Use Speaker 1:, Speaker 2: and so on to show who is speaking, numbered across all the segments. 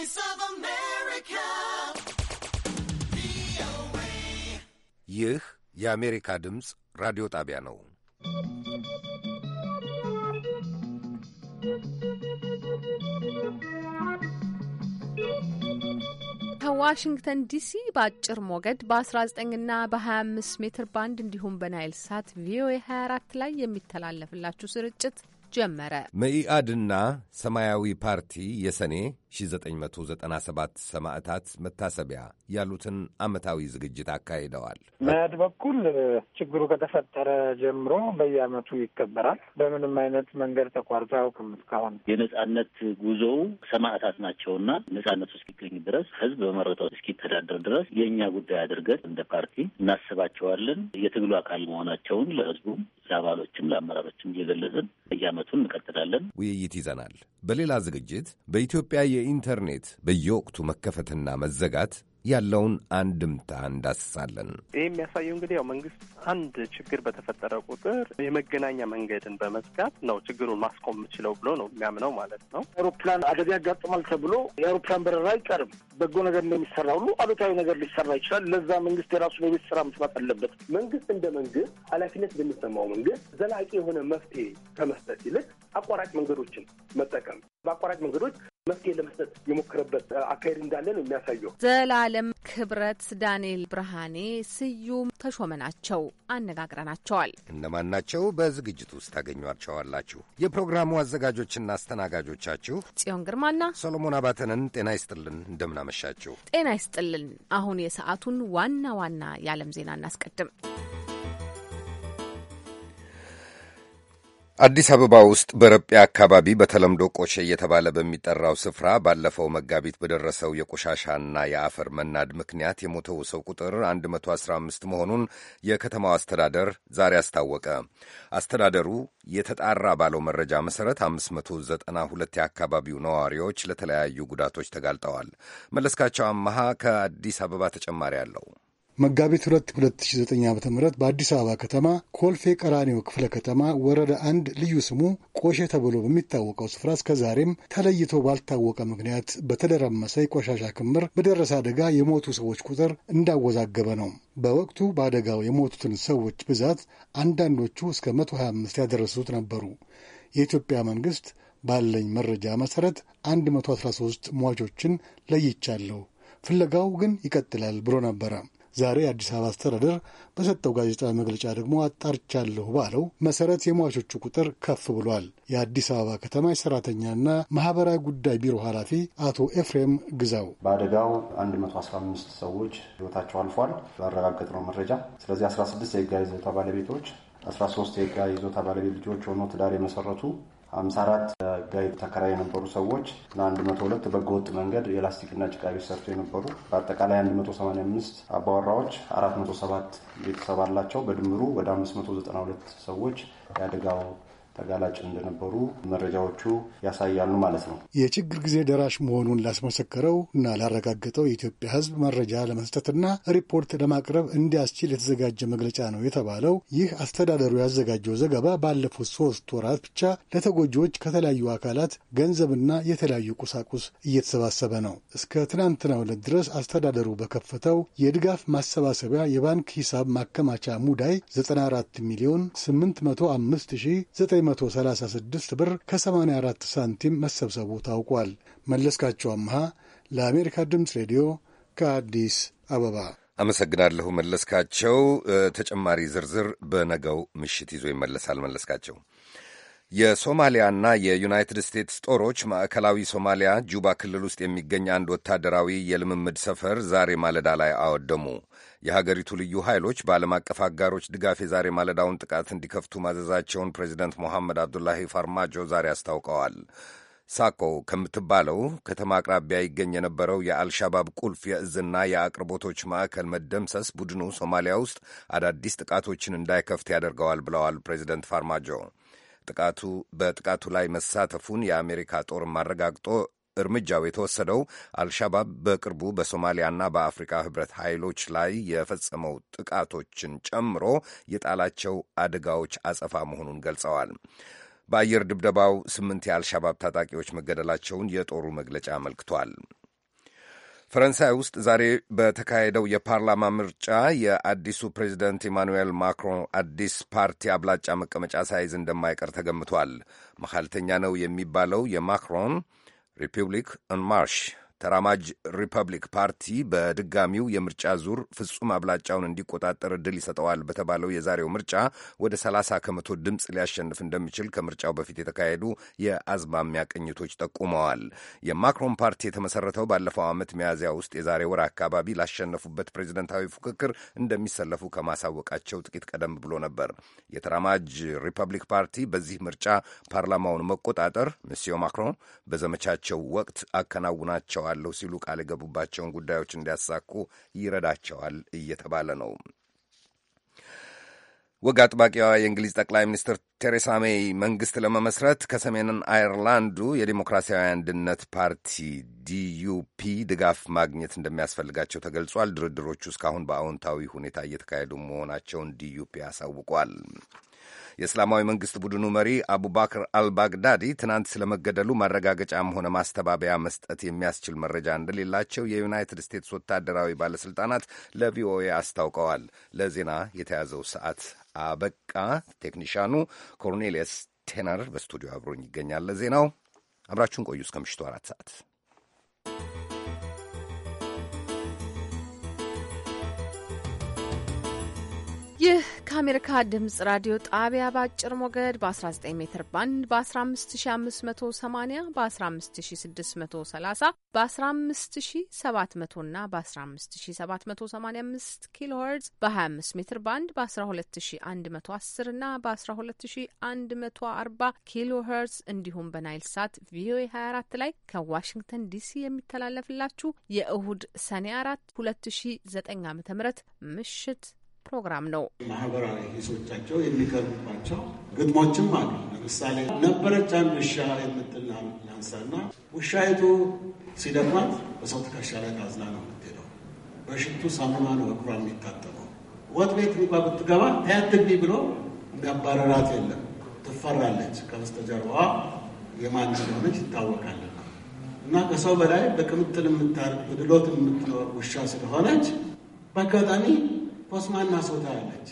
Speaker 1: Voice of America.
Speaker 2: ይህ የአሜሪካ ድምፅ ራዲዮ ጣቢያ ነው።
Speaker 3: ከዋሽንግተን ዲሲ በአጭር ሞገድ በ19 እና በ25 ሜትር ባንድ እንዲሁም በናይል ሳት ቪኦኤ 24 ላይ የሚተላለፍላችሁ ስርጭት ጀመረ።
Speaker 2: መኢአድና ሰማያዊ ፓርቲ የሰኔ 1997 ሰማዕታት መታሰቢያ ያሉትን ዓመታዊ ዝግጅት አካሂደዋል።
Speaker 4: መያድ በኩል ችግሩ ከተፈጠረ ጀምሮ በየዓመቱ ይከበራል። በምንም አይነት መንገድ ተቋርጦ አያውቅም። እስካሁን
Speaker 5: የነጻነት ጉዞው ሰማዕታት ናቸውና ነጻነቱ እስኪገኝ ድረስ ህዝብ በመረጠው እስኪተዳደር ድረስ የእኛ ጉዳይ አድርገን እንደ ፓርቲ እናስባቸዋለን። የትግሉ አካል መሆናቸውን ለህዝቡ ለአባሎችም ለአመራሮችም እየገለጽን በየዓመቱ እንቀጥላለን።
Speaker 2: ውይይት ይዘናል። በሌላ ዝግጅት በኢትዮጵያ የኢንተርኔት በየወቅቱ መከፈትና መዘጋት ያለውን አንድምታ እንዳስሳለን።
Speaker 6: ይህ የሚያሳየው እንግዲህ ያው መንግስት አንድ ችግር በተፈጠረ ቁጥር የመገናኛ መንገድን በመዝጋት ነው ችግሩን ማስቆም የምችለው ብሎ ነው የሚያምነው ማለት
Speaker 7: ነው። አውሮፕላን አደጋ ያጋጥማል ተብሎ የአውሮፕላን በረራ አይቀርም። በጎ ነገር እንደሚሰራ ሁሉ አሉታዊ ነገር ሊሰራ ይችላል። ለዛ መንግስት የራሱን
Speaker 8: የቤት ስራ መስራት አለበት። መንግስት እንደ መንግስት ኃላፊነት እንደሚሰማው መንግስት ዘላቂ የሆነ መፍትሄ ከመስጠት ይልቅ አቋራጭ መንገዶችን መጠቀም በአቋራጭ መንገዶች መፍትሄ ለመስጠት የሞከረበት አካሄድ እንዳለ ነው የሚያሳየው።
Speaker 3: ዘላለም ክብረት፣ ዳንኤል ብርሃኔ፣ ስዩም ተሾመ ናቸው። አነጋግረናቸዋል።
Speaker 2: እነማን ናቸው? በዝግጅት ውስጥ ታገኟቸዋላችሁ። የፕሮግራሙ አዘጋጆችና አስተናጋጆቻችሁ
Speaker 3: ጽዮን ግርማና
Speaker 2: ሰሎሞን አባተንን። ጤና ይስጥልን፣ እንደምናመሻችሁ።
Speaker 3: ጤና ይስጥልን። አሁን የሰዓቱን ዋና ዋና የዓለም ዜና እናስቀድም።
Speaker 2: አዲስ አበባ ውስጥ በረጴ አካባቢ በተለምዶ ቆሼ እየተባለ በሚጠራው ስፍራ ባለፈው መጋቢት በደረሰው የቆሻሻና የአፈር መናድ ምክንያት የሞተው ሰው ቁጥር 115 መሆኑን የከተማው አስተዳደር ዛሬ አስታወቀ። አስተዳደሩ የተጣራ ባለው መረጃ መሠረት 592 የአካባቢው ነዋሪዎች ለተለያዩ ጉዳቶች ተጋልጠዋል። መለስካቸው አመሃ ከአዲስ አበባ ተጨማሪ አለው።
Speaker 9: መጋቢት 2 2009 ዓ ም በአዲስ አበባ ከተማ ኮልፌ ቀራኒዮ ክፍለ ከተማ ወረዳ አንድ ልዩ ስሙ ቆሼ ተብሎ በሚታወቀው ስፍራ እስከዛሬም ተለይቶ ባልታወቀ ምክንያት በተደረመሰ የቆሻሻ ክምር በደረሰ አደጋ የሞቱ ሰዎች ቁጥር እንዳወዛገበ ነው። በወቅቱ በአደጋው የሞቱትን ሰዎች ብዛት አንዳንዶቹ እስከ 125 ያደረሱት ነበሩ። የኢትዮጵያ መንግስት ባለኝ መረጃ መሰረት 113 ሟቾችን ለይቻለሁ፣ ፍለጋው ግን ይቀጥላል ብሎ ነበረ። ዛሬ የአዲስ አበባ አስተዳደር በሰጠው ጋዜጣዊ መግለጫ ደግሞ አጣርቻለሁ ባለው መሰረት የሟቾቹ ቁጥር ከፍ ብሏል። የአዲስ አበባ ከተማ የሰራተኛና ማህበራዊ ጉዳይ ቢሮ ኃላፊ አቶ ኤፍሬም ግዛው
Speaker 10: በአደጋው 115 ሰዎች ህይወታቸው አልፏል ባረጋገጥነው መረጃ። ስለዚህ 16 የህጋዊ ይዞታ ባለቤቶች 13 የህጋዊ ይዞታ ባለቤት ልጆች ሆኖ ትዳር የመሰረቱ ሀምሳ አራት ጋይ ተከራይ የነበሩ ሰዎች ለአንድ መቶ ሁለት ወጥ መንገድ የላስቲክና ጭቃ ቤት ሰርቶ የነበሩ በአጠቃላይ አንድ መቶ ሰማንያ አምስት አባወራዎች አራት መቶ ሰባት ቤተሰብ አላቸው። በድምሩ ወደ አምስት መቶ ዘጠና ሁለት ሰዎች የአደጋው ተጋላጭ እንደነበሩ መረጃዎቹ ያሳያሉ ማለት ነው።
Speaker 9: የችግር ጊዜ ደራሽ መሆኑን ላስመሰከረው እና ላረጋገጠው የኢትዮጵያ ሕዝብ መረጃ ለመስጠትና ሪፖርት ለማቅረብ እንዲያስችል የተዘጋጀ መግለጫ ነው የተባለው። ይህ አስተዳደሩ ያዘጋጀው ዘገባ ባለፉት ሶስት ወራት ብቻ ለተጎጂዎች ከተለያዩ አካላት ገንዘብና የተለያዩ ቁሳቁስ እየተሰባሰበ ነው። እስከ ትናንትናው ዕለት ድረስ አስተዳደሩ በከፈተው የድጋፍ ማሰባሰቢያ የባንክ ሂሳብ ማከማቻ ሙዳይ 94 ሚሊዮን 805 ሺህ 136 ብር ከ84 ሳንቲም መሰብሰቡ ታውቋል። መለስካቸው አምሃ ለአሜሪካ ድምፅ ሬዲዮ ከአዲስ አበባ
Speaker 2: አመሰግናለሁ መለስካቸው። ተጨማሪ ዝርዝር በነገው ምሽት ይዞ ይመለሳል። መለስካቸው የሶማሊያና የዩናይትድ ስቴትስ ጦሮች ማዕከላዊ ሶማሊያ ጁባ ክልል ውስጥ የሚገኝ አንድ ወታደራዊ የልምምድ ሰፈር ዛሬ ማለዳ ላይ አወደሙ። የሀገሪቱ ልዩ ኃይሎች በዓለም አቀፍ አጋሮች ድጋፍ የዛሬ ማለዳውን ጥቃት እንዲከፍቱ ማዘዛቸውን ፕሬዚደንት ሞሐመድ አብዱላሂ ፋርማጆ ዛሬ አስታውቀዋል። ሳኮ ከምትባለው ከተማ አቅራቢያ ይገኝ የነበረው የአልሻባብ ቁልፍ የእዝና የአቅርቦቶች ማዕከል መደምሰስ ቡድኑ ሶማሊያ ውስጥ አዳዲስ ጥቃቶችን እንዳይከፍት ያደርገዋል ብለዋል ፕሬዚደንት ፋርማጆ። ጥቃቱ በጥቃቱ ላይ መሳተፉን የአሜሪካ ጦር ማረጋግጦ እርምጃው የተወሰደው አልሻባብ በቅርቡ በሶማሊያና በአፍሪካ ህብረት ኃይሎች ላይ የፈጸመው ጥቃቶችን ጨምሮ የጣላቸው አደጋዎች አጸፋ መሆኑን ገልጸዋል። በአየር ድብደባው ስምንት የአልሻባብ ታጣቂዎች መገደላቸውን የጦሩ መግለጫ አመልክቷል። ፈረንሳይ ውስጥ ዛሬ በተካሄደው የፓርላማ ምርጫ የአዲሱ ፕሬዚደንት ኢማኑኤል ማክሮን አዲስ ፓርቲ አብላጫ መቀመጫ ሳይዝ እንደማይቀር ተገምቷል። መሐልተኛ ነው የሚባለው የማክሮን ሪፑብሊክ ን ማርሽ ተራማጅ ሪፐብሊክ ፓርቲ በድጋሚው የምርጫ ዙር ፍጹም አብላጫውን እንዲቆጣጠር እድል ይሰጠዋል በተባለው የዛሬው ምርጫ ወደ 30 ከመቶ ድምፅ ሊያሸንፍ እንደሚችል ከምርጫው በፊት የተካሄዱ የአዝማሚያ ቅኝቶች ጠቁመዋል። የማክሮን ፓርቲ የተመሰረተው ባለፈው ዓመት ሚያዝያ ውስጥ የዛሬ ወር አካባቢ ላሸነፉበት ፕሬዚደንታዊ ፉክክር እንደሚሰለፉ ከማሳወቃቸው ጥቂት ቀደም ብሎ ነበር። የተራማጅ ሪፐብሊክ ፓርቲ በዚህ ምርጫ ፓርላማውን መቆጣጠር ሚስዮ ማክሮን በዘመቻቸው ወቅት አከናውናቸዋል እሰራለሁ ሲሉ ቃል የገቡባቸውን ጉዳዮች እንዲያሳኩ ይረዳቸዋል እየተባለ ነው። ወግ አጥባቂዋ የእንግሊዝ ጠቅላይ ሚኒስትር ቴሬሳ ሜይ መንግሥት ለመመስረት ከሰሜን አይርላንዱ የዴሞክራሲያዊ አንድነት ፓርቲ ዲዩፒ ድጋፍ ማግኘት እንደሚያስፈልጋቸው ተገልጿል። ድርድሮቹ እስካሁን በአዎንታዊ ሁኔታ እየተካሄዱ መሆናቸውን ዲዩፒ አሳውቋል። የእስላማዊ መንግስት ቡድኑ መሪ አቡባክር አልባግዳዲ ትናንት ስለመገደሉ ማረጋገጫም ሆነ ማስተባበያ መስጠት የሚያስችል መረጃ እንደሌላቸው የዩናይትድ ስቴትስ ወታደራዊ ባለስልጣናት ለቪኦኤ አስታውቀዋል። ለዜና የተያዘው ሰዓት አበቃ። ቴክኒሻኑ ኮርኔሊየስ ቴነር በስቱዲዮ አብሮኝ ይገኛል። ለዜናው አብራችሁን ቆዩ እስከ ምሽቱ አራት ሰዓት
Speaker 3: ይህ ከአሜሪካ ድምጽ ራዲዮ ጣቢያ በአጭር ሞገድ በ19 ሜትር ባንድ በ15580 በ15630 በ15700 እና በ15785 ኪሎ ሄርዝ በ25 ሜትር ባንድ በ12110 እና በ12140 ኪሎ ሄርዝ እንዲሁም በናይል ሳት ቪኦኤ 24 ላይ ከዋሽንግተን ዲሲ የሚተላለፍላችሁ የእሁድ ሰኔ 4 2009 ዓ.ም ምሽት ፕሮግራም ነው።
Speaker 11: ማህበራዊ ሂሶቻቸው የሚቀርቡባቸው ግጥሞችም አሉ። ለምሳሌ ነበረች አንድ ውሻ የምትል ላንሳና ውሻይቱ ሲደግማት በሰው ትከሻ ላይ ታዝላ ነው የምትሄደው። በሽቱ ሳሙና ነው እግሯ የሚታጠበው። ወጥ ቤት እንኳ ብትገባ ታያትግቢ ብሎ እንዳባረራት የለም። ትፈራለች። ከበስተጀርባዋ የማን ስለሆነች ይታወቃል። እና ከሰው በላይ በቅምጥል የምታርግ በድሎት የምትኖር ውሻ ስለሆነች በአጋጣሚ ሆስማና ሶታ ያለች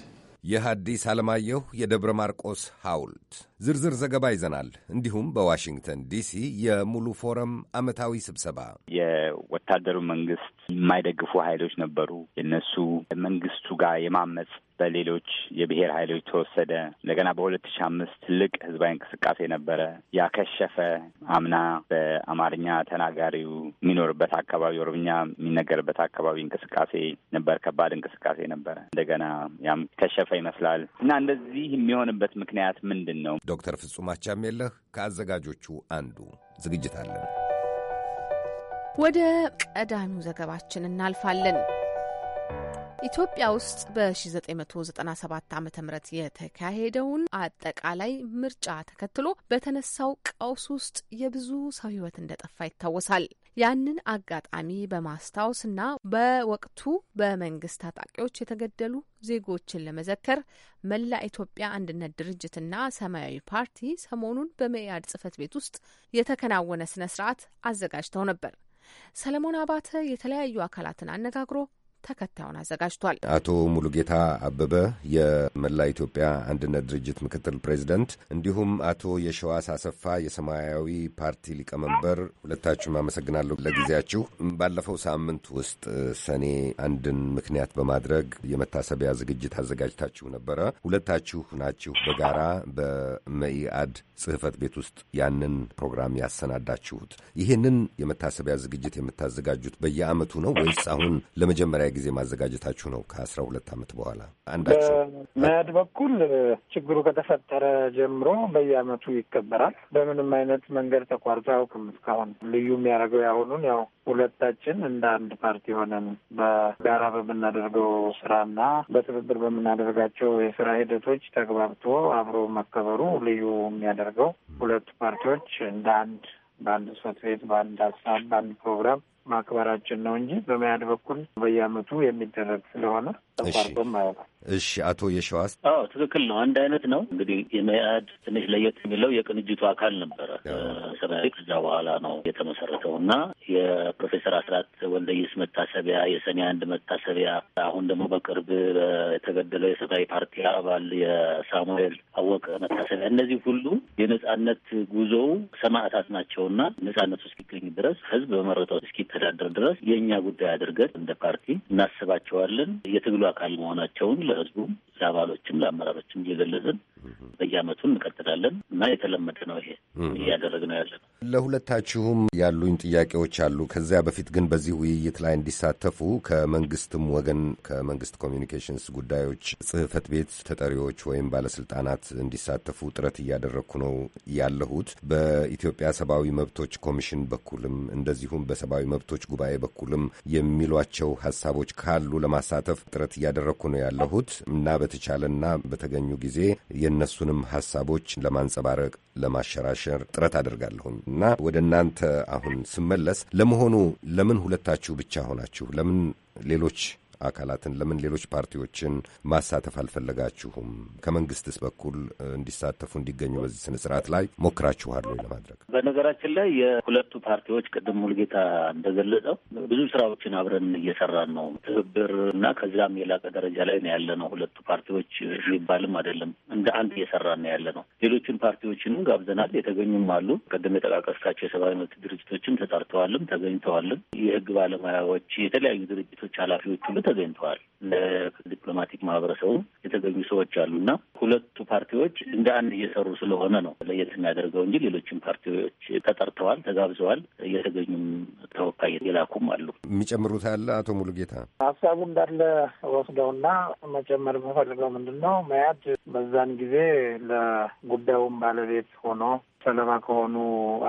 Speaker 2: የሐዲስ ዓለማየሁ የደብረ ማርቆስ ሐውልት ዝርዝር ዘገባ ይዘናል። እንዲሁም በዋሽንግተን ዲሲ የሙሉ ፎረም ዓመታዊ ስብሰባ
Speaker 12: የወታደሩ መንግስት የማይደግፉ ኃይሎች ነበሩ። የነሱ መንግስቱ ጋር የማመፅ በሌሎች የብሔር ኃይሎች ተወሰደ። እንደገና በሁለት ሺህ አምስት ትልቅ ህዝባዊ እንቅስቃሴ ነበረ። ያከሸፈ አምና በአማርኛ ተናጋሪው የሚኖርበት አካባቢ፣ ኦሮምኛ የሚነገርበት አካባቢ እንቅስቃሴ ነበር። ከባድ እንቅስቃሴ ነበረ። እንደገና ያም ከሸፈ ይመስላል
Speaker 2: እና እንደዚህ የሚሆንበት ምክንያት ምንድን ነው? ዶክተር ፍጹም አቻሜለህ ከአዘጋጆቹ አንዱ ዝግጅት አለን።
Speaker 3: ወደ ቀዳሚው ዘገባችን እናልፋለን። ኢትዮጵያ ውስጥ በ1997 ዓ ም የተካሄደውን አጠቃላይ ምርጫ ተከትሎ በተነሳው ቀውስ ውስጥ የብዙ ሰው ሕይወት እንደጠፋ ይታወሳል። ያንን አጋጣሚ በማስታወስ እና በወቅቱ በመንግስት ታጣቂዎች የተገደሉ ዜጎችን ለመዘከር መላ ኢትዮጵያ አንድነት ድርጅትና ሰማያዊ ፓርቲ ሰሞኑን በመኢአድ ጽህፈት ቤት ውስጥ የተከናወነ ስነ ስርዓት አዘጋጅተው ነበር። ሰለሞን አባተ የተለያዩ አካላትን አነጋግሮ ተከታዩን አዘጋጅቷል።
Speaker 2: አቶ ሙሉጌታ አበበ የመላ ኢትዮጵያ አንድነት ድርጅት ምክትል ፕሬዚደንት፣ እንዲሁም አቶ የሸዋስ አሰፋ የሰማያዊ ፓርቲ ሊቀመንበር፣ ሁለታችሁም አመሰግናለሁ ለጊዜያችሁ። ባለፈው ሳምንት ውስጥ ሰኔ አንድን ምክንያት በማድረግ የመታሰቢያ ዝግጅት አዘጋጅታችሁ ነበረ። ሁለታችሁ ናችሁ በጋራ በመኢአድ ጽህፈት ቤት ውስጥ ያንን ፕሮግራም ያሰናዳችሁት። ይህንን የመታሰቢያ ዝግጅት የምታዘጋጁት በየአመቱ ነው ወይስ አሁን ለመጀመሪያ ጊዜ ማዘጋጀታችሁ ነው ከአስራ ሁለት ዓመት በኋላ አንዳችሁ
Speaker 4: መያድ በኩል ችግሩ ከተፈጠረ ጀምሮ በየአመቱ ይከበራል። በምንም አይነት መንገድ ተቋርጦ አያውቅም። እስካሁን ልዩ የሚያደርገው ያሁኑን ያው ሁለታችን እንደ አንድ ፓርቲ ሆነን በጋራ በምናደርገው ስራና በትብብር በምናደርጋቸው የስራ ሂደቶች ተግባብቶ አብሮ መከበሩ ልዩ የሚያደርገው ሁለቱ ፓርቲዎች እንደ አንድ በአንድ ጽሕፈት ቤት፣ በአንድ ሀሳብ፣ በአንድ ፕሮግራም ማክበራችን ነው እንጂ በመያድ በኩል በየአመቱ የሚደረግ ስለሆነ ተቋርጦም አያውቅም።
Speaker 2: እሺ አቶ የሸዋስ
Speaker 4: አዎ ትክክል ነው። አንድ አይነት ነው እንግዲህ የመያድ ትንሽ ለየት
Speaker 5: የሚለው የቅንጅቱ አካል ነበረ ሰማያዊ። ከዛ በኋላ ነው የተመሰረተው እና የፕሮፌሰር አስራት ወልደየስ መታሰቢያ የሰኔ አንድ መታሰቢያ፣ አሁን ደግሞ በቅርብ የተገደለው የሰማያዊ ፓርቲ አባል የሳሙኤል አወቀ መታሰቢያ፣ እነዚህ ሁሉ የነጻነት ጉዞው ሰማዕታት ናቸውና ነጻነቱ እስኪገኝ ድረስ ህዝብ በመረጠው እስኪተዳደር ድረስ የእኛ ጉዳይ አድርገን እንደ ፓርቲ እናስባቸዋለን። የትግሉ አካል መሆናቸውን ለህዝቡም ለአባሎችም ለአመራሮችም እየገለጽን በየአመቱ እንቀጥላለን እና የተለመደ ነው ይሄ
Speaker 2: ነው ያለ ነው። ለሁለታችሁም ያሉኝ ጥያቄዎች አሉ። ከዚያ በፊት ግን በዚህ ውይይት ላይ እንዲሳተፉ ከመንግስትም ወገን ከመንግስት ኮሚኒኬሽንስ ጉዳዮች ጽህፈት ቤት ተጠሪዎች ወይም ባለስልጣናት እንዲሳተፉ ጥረት እያደረግኩ ነው ያለሁት። በኢትዮጵያ ሰብአዊ መብቶች ኮሚሽን በኩልም እንደዚሁም በሰብአዊ መብቶች ጉባኤ በኩልም የሚሏቸው ሀሳቦች ካሉ ለማሳተፍ ጥረት እያደረግኩ ነው ያለሁት። ያቀረቡት እና በተቻለና በተገኙ ጊዜ የእነሱንም ሀሳቦች ለማንጸባረቅ ለማሸራሸር ጥረት አደርጋለሁኝ እና ወደ እናንተ አሁን ስመለስ ለመሆኑ ለምን ሁለታችሁ ብቻ ሆናችሁ ለምን ሌሎች አካላትን ለምን ሌሎች ፓርቲዎችን ማሳተፍ አልፈለጋችሁም? ከመንግስትስ በኩል እንዲሳተፉ እንዲገኙ በዚህ ስነ ስርዓት ላይ ሞክራችኋል ወይ ለማድረግ?
Speaker 5: በነገራችን ላይ የሁለቱ ፓርቲዎች ቅድም ሙልጌታ እንደገለጸው ብዙ ስራዎችን አብረን እየሰራን ነው። ትብብር እና ከዚያም የላቀ ደረጃ ላይ ነው ያለ ነው። ሁለቱ ፓርቲዎች የሚባልም አይደለም እንደ አንድ እየሰራን ነው ያለ ነው። ሌሎችን ፓርቲዎችንም ጋብዘናል። የተገኙም አሉ። ቅድም የጠቃቀስካቸው የሰብአዊ መብት ድርጅቶችም ተጠርተዋልም ተገኝተዋልም። የህግ ባለሙያዎች፣ የተለያዩ ድርጅቶች ኃላፊዎች ሁሉ ተገኝተዋል። ለዲፕሎማቲክ ማህበረሰቡ የተገኙ ሰዎች እና ሁለቱ ፓርቲዎች እንደ አንድ እየሰሩ ስለሆነ ነው ለየት የሚያደርገው እንጂ ሌሎችም ፓርቲዎች ተጠርተዋል፣ ተጋብዘዋል። እየተገኙም ተወካይ
Speaker 2: የላኩም አሉ። የሚጨምሩት አለ? አቶ ሙሉጌታ
Speaker 4: ሀሳቡ እንዳለ ወስደውና መጨመር የምፈልገው ምንድን ነው መያድ በዛን ጊዜ ለጉዳዩም ባለቤት ሆኖ ሰለባ ከሆኑ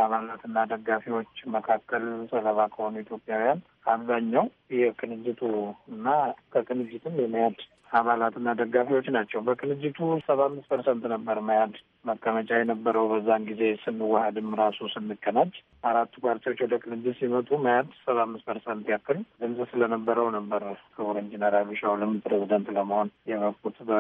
Speaker 4: አባላትና ደጋፊዎች መካከል ሰለባ ከሆኑ ኢትዮጵያውያን አብዛኛው የቅንጅቱ እና ከቅንጅትም የመያድ አባላትና ደጋፊዎች ናቸው። በቅንጅቱ ሰባ አምስት ፐርሰንት ነበር መያድ መቀመጫ የነበረው። በዛን ጊዜ ስንዋሃድም ራሱ ስንቀናጅ አራቱ ፓርቲዎች ወደ ቅንጅት ሲመጡ መያድ ሰባ አምስት ፐርሰንት ያክል ድምፅ ስለነበረው ነበር ክቡር ኢንጂነር አብይ ፕሬዚደንት ለመሆን የበቁት በ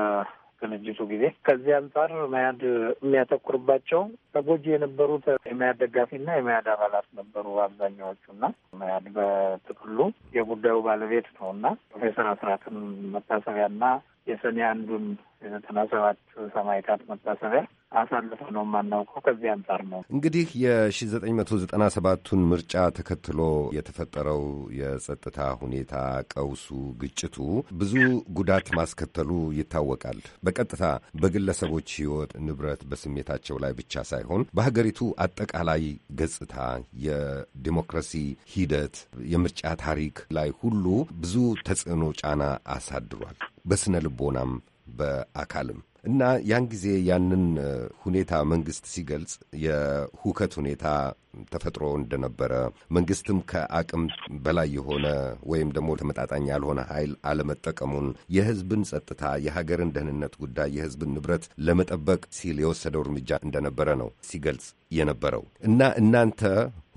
Speaker 4: ቅንጅቱ ጊዜ ከዚህ አንጻር መያድ የሚያተኩርባቸው ተጎጂ የነበሩት የመያድ ደጋፊና የመያድ አባላት ነበሩ አብዛኛዎቹ እና መያድ በጥቅሉ የጉዳዩ ባለቤት ነው እና ፕሮፌሰር አስራትን መታሰቢያና የሰኔ አንዱን የዘጠና ሰባት ሰማዕታት መታሰቢያ አሳልፈ ነው የማናውቀው። ከዚህ አንጻር ነው
Speaker 2: እንግዲህ የሺ ዘጠኝ መቶ ዘጠና ሰባቱን ምርጫ ተከትሎ የተፈጠረው የጸጥታ ሁኔታ ቀውሱ፣ ግጭቱ ብዙ ጉዳት ማስከተሉ ይታወቃል። በቀጥታ በግለሰቦች ህይወት ንብረት፣ በስሜታቸው ላይ ብቻ ሳይሆን በሀገሪቱ አጠቃላይ ገጽታ፣ የዲሞክራሲ ሂደት፣ የምርጫ ታሪክ ላይ ሁሉ ብዙ ተጽዕኖ፣ ጫና አሳድሯል በስነ ልቦናም በአካልም እና ያን ጊዜ ያንን ሁኔታ መንግስት ሲገልጽ የሁከት ሁኔታ ተፈጥሮ እንደነበረ መንግስትም ከአቅም በላይ የሆነ ወይም ደግሞ ተመጣጣኝ ያልሆነ ኃይል አለመጠቀሙን የህዝብን ጸጥታ፣ የሀገርን ደህንነት ጉዳይ፣ የህዝብን ንብረት ለመጠበቅ ሲል የወሰደው እርምጃ እንደነበረ ነው ሲገልጽ የነበረው እና እናንተ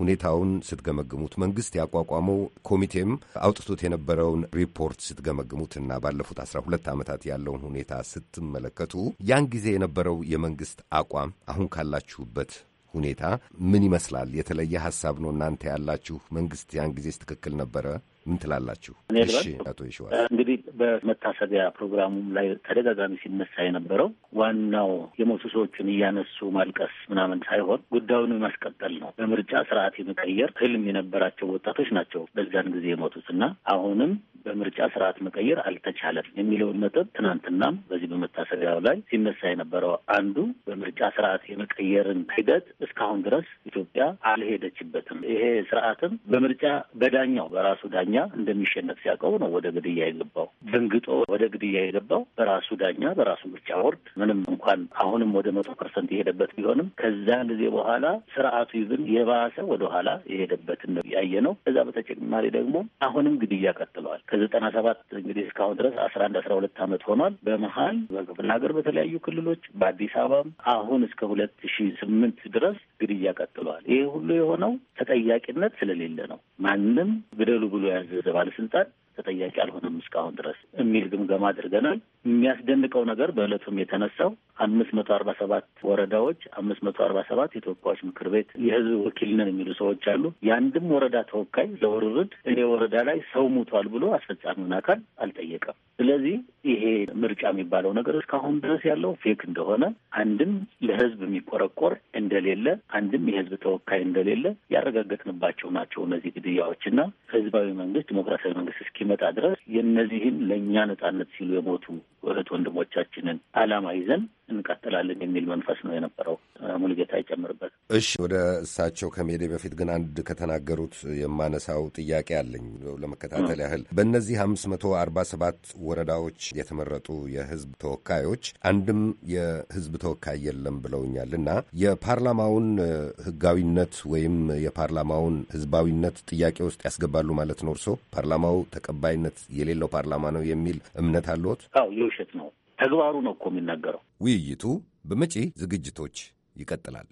Speaker 2: ሁኔታውን ስትገመግሙት መንግስት ያቋቋመው ኮሚቴም አውጥቶት የነበረውን ሪፖርት ስትገመግሙት እና ባለፉት አስራ ሁለት ዓመታት ያለውን ሁኔታ ስትመለከቱ ያን ጊዜ የነበረው የመንግስት አቋም አሁን ካላችሁበት ሁኔታ ምን ይመስላል? የተለየ ሀሳብ ነው እናንተ ያላችሁ? መንግስት ያን ጊዜስ ትክክል ነበረ? ምን ትላላችሁ? እሺ አቶ ይሸዋል
Speaker 5: እንግዲህ በመታሰቢያ ፕሮግራሙም ላይ ተደጋጋሚ ሲነሳ የነበረው ዋናው የሞቱ ሰዎችን እያነሱ ማልቀስ ምናምን ሳይሆን ጉዳዩን ማስቀጠል ነው። በምርጫ ስርዓት የመቀየር ህልም የነበራቸው ወጣቶች ናቸው በዛን ጊዜ የሞቱት እና አሁንም በምርጫ ስርዓት መቀየር አልተቻለም የሚለውን ነጥብ ትናንትናም በዚህ በመታሰቢያው ላይ ሲነሳ የነበረው አንዱ በምርጫ ስርዓት የመቀየርን ሂደት እስካሁን ድረስ ኢትዮጵያ አልሄደችበትም። ይሄ ስርዓትም በምርጫ በዳኛው በራሱ ዳኛ ዳኛ እንደሚሸነፍ ሲያውቀው ነው ወደ ግድያ የገባው። ደንግጦ ወደ ግድያ የገባው በራሱ ዳኛ በራሱ ምርጫ ቦርድ ምንም እንኳን አሁንም ወደ መቶ ፐርሰንት የሄደበት ቢሆንም ከዛን ጊዜ በኋላ ስርዓቱ ይዝን የባሰ ወደኋላ የሄደበትን ነው ያየ ነው። ከዛ በተጨማሪ ደግሞ አሁንም ግድያ ቀጥለዋል። ከዘጠና ሰባት እንግዲህ እስካሁን ድረስ አስራ አንድ አስራ ሁለት ዓመት ሆኗል። በመሀል በክፍለ ሀገር በተለያዩ ክልሎች በአዲስ አበባም አሁን እስከ ሁለት ሺ ስምንት ድረስ ግድያ ቀጥለዋል። ይሄ ሁሉ የሆነው ተጠያቂነት ስለሌለ ነው። ማንም ግደሉ ብሎ ለባለስልጣን ተጠያቂ አልሆነም እስካሁን ድረስ የሚል ግምገማ አድርገናል። የሚያስደንቀው ነገር በእለቱም የተነሳው አምስት መቶ አርባ ሰባት ወረዳዎች አምስት መቶ አርባ ሰባት የተወካዮች ምክር ቤት የህዝብ ወኪል ነን የሚሉ ሰዎች አሉ። የአንድም ወረዳ ተወካይ ለውርርድ እኔ ወረዳ ላይ ሰው ሙቷል ብሎ አስፈጻሚውን አካል አልጠየቀም። ስለዚህ ይሄ ምርጫ የሚባለው ነገር እስካሁን ድረስ ያለው ፌክ እንደሆነ አንድም ለህዝብ የሚቆረቆር እንደሌለ አንድም የህዝብ ተወካይ እንደሌለ ያረጋገጥንባቸው ናቸው እነዚህ ግድያዎች ህዝባዊ መንግስት ዲሞክራሲያዊ መንግስት እስኪ እስኪመጣ ድረስ የእነዚህን ለእኛ ነጻነት ሲሉ የሞቱ እህት ወንድሞቻችንን አላማ ይዘን እንቀጥላለን የሚል መንፈስ ነው የነበረው። ሙልጌታ ይጨምርበት።
Speaker 2: እሺ፣ ወደ እሳቸው ከመሄዴ በፊት ግን አንድ ከተናገሩት የማነሳው ጥያቄ አለኝ ለመከታተል ያህል በእነዚህ አምስት መቶ አርባ ሰባት ወረዳዎች የተመረጡ የህዝብ ተወካዮች አንድም የህዝብ ተወካይ የለም ብለውኛል እና የፓርላማውን ህጋዊነት ወይም የፓርላማውን ህዝባዊነት ጥያቄ ውስጥ ያስገባሉ ማለት ነው እርሶ ፓርላማው ተቀ ተቀባይነት የሌለው ፓርላማ ነው የሚል እምነት አለዎት? አዎ
Speaker 5: የውሸት ነው። ተግባሩ ነው እኮ የሚናገረው።
Speaker 2: ውይይቱ በመጪ ዝግጅቶች ይቀጥላል።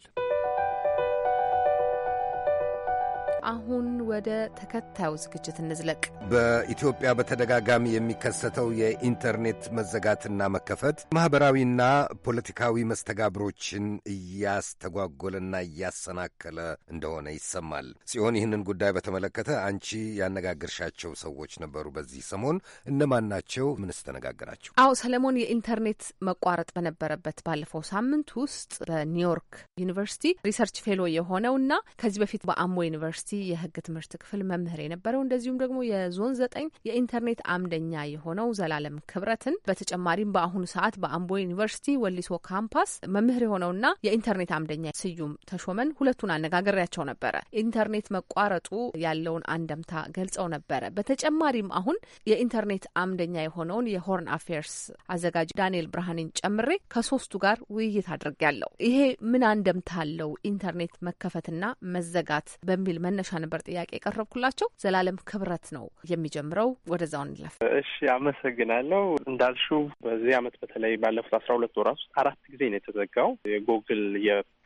Speaker 3: አሁን ወደ ተከታዩ ዝግጅት እንዝለቅ።
Speaker 2: በኢትዮጵያ በተደጋጋሚ የሚከሰተው የኢንተርኔት መዘጋትና መከፈት ማኅበራዊና ፖለቲካዊ መስተጋብሮችን እያስተጓጎለና እያሰናከለ እንደሆነ ይሰማል። ሲሆን ይህንን ጉዳይ በተመለከተ አንቺ ያነጋግርሻቸው ሰዎች ነበሩ በዚህ ሰሞን እነማን ናቸው? ምንስ ተነጋገራቸው?
Speaker 3: አዎ ሰለሞን፣ የኢንተርኔት መቋረጥ በነበረበት ባለፈው ሳምንት ውስጥ በኒውዮርክ ዩኒቨርሲቲ ሪሰርች ፌሎ የሆነውና ከዚህ በፊት በአምቦ ዩኒቨርሲቲ ዩኒቨርሲቲ የህግ ትምህርት ክፍል መምህር የነበረው እንደዚሁም ደግሞ የዞን ዘጠኝ የኢንተርኔት አምደኛ የሆነው ዘላለም ክብረትን በተጨማሪም በአሁኑ ሰዓት በአምቦ ዩኒቨርሲቲ ወሊሶ ካምፓስ መምህር የሆነውና የኢንተርኔት አምደኛ ስዩም ተሾመን ሁለቱን አነጋገሪያቸው ነበረ። ኢንተርኔት መቋረጡ ያለውን አንደምታ ገልጸው ነበረ። በተጨማሪም አሁን የኢንተርኔት አምደኛ የሆነውን የሆርን አፌርስ አዘጋጅ ዳንኤል ብርሃንን ጨምሬ ከሶስቱ ጋር ውይይት አድርጌያለሁ። ይሄ ምን አንደምታ አለው ኢንተርኔት መከፈትና መዘጋት በሚል መነ መነሻ ነበር ጥያቄ የቀረብኩላቸው። ዘላለም ክብረት ነው የሚጀምረው። ወደዛው እንለፍ።
Speaker 6: እሺ፣ አመሰግናለሁ። እንዳልሹ በዚህ አመት በተለይ ባለፉት አስራ ሁለት ወራት ውስጥ አራት ጊዜ ነው የተዘጋው የጎግል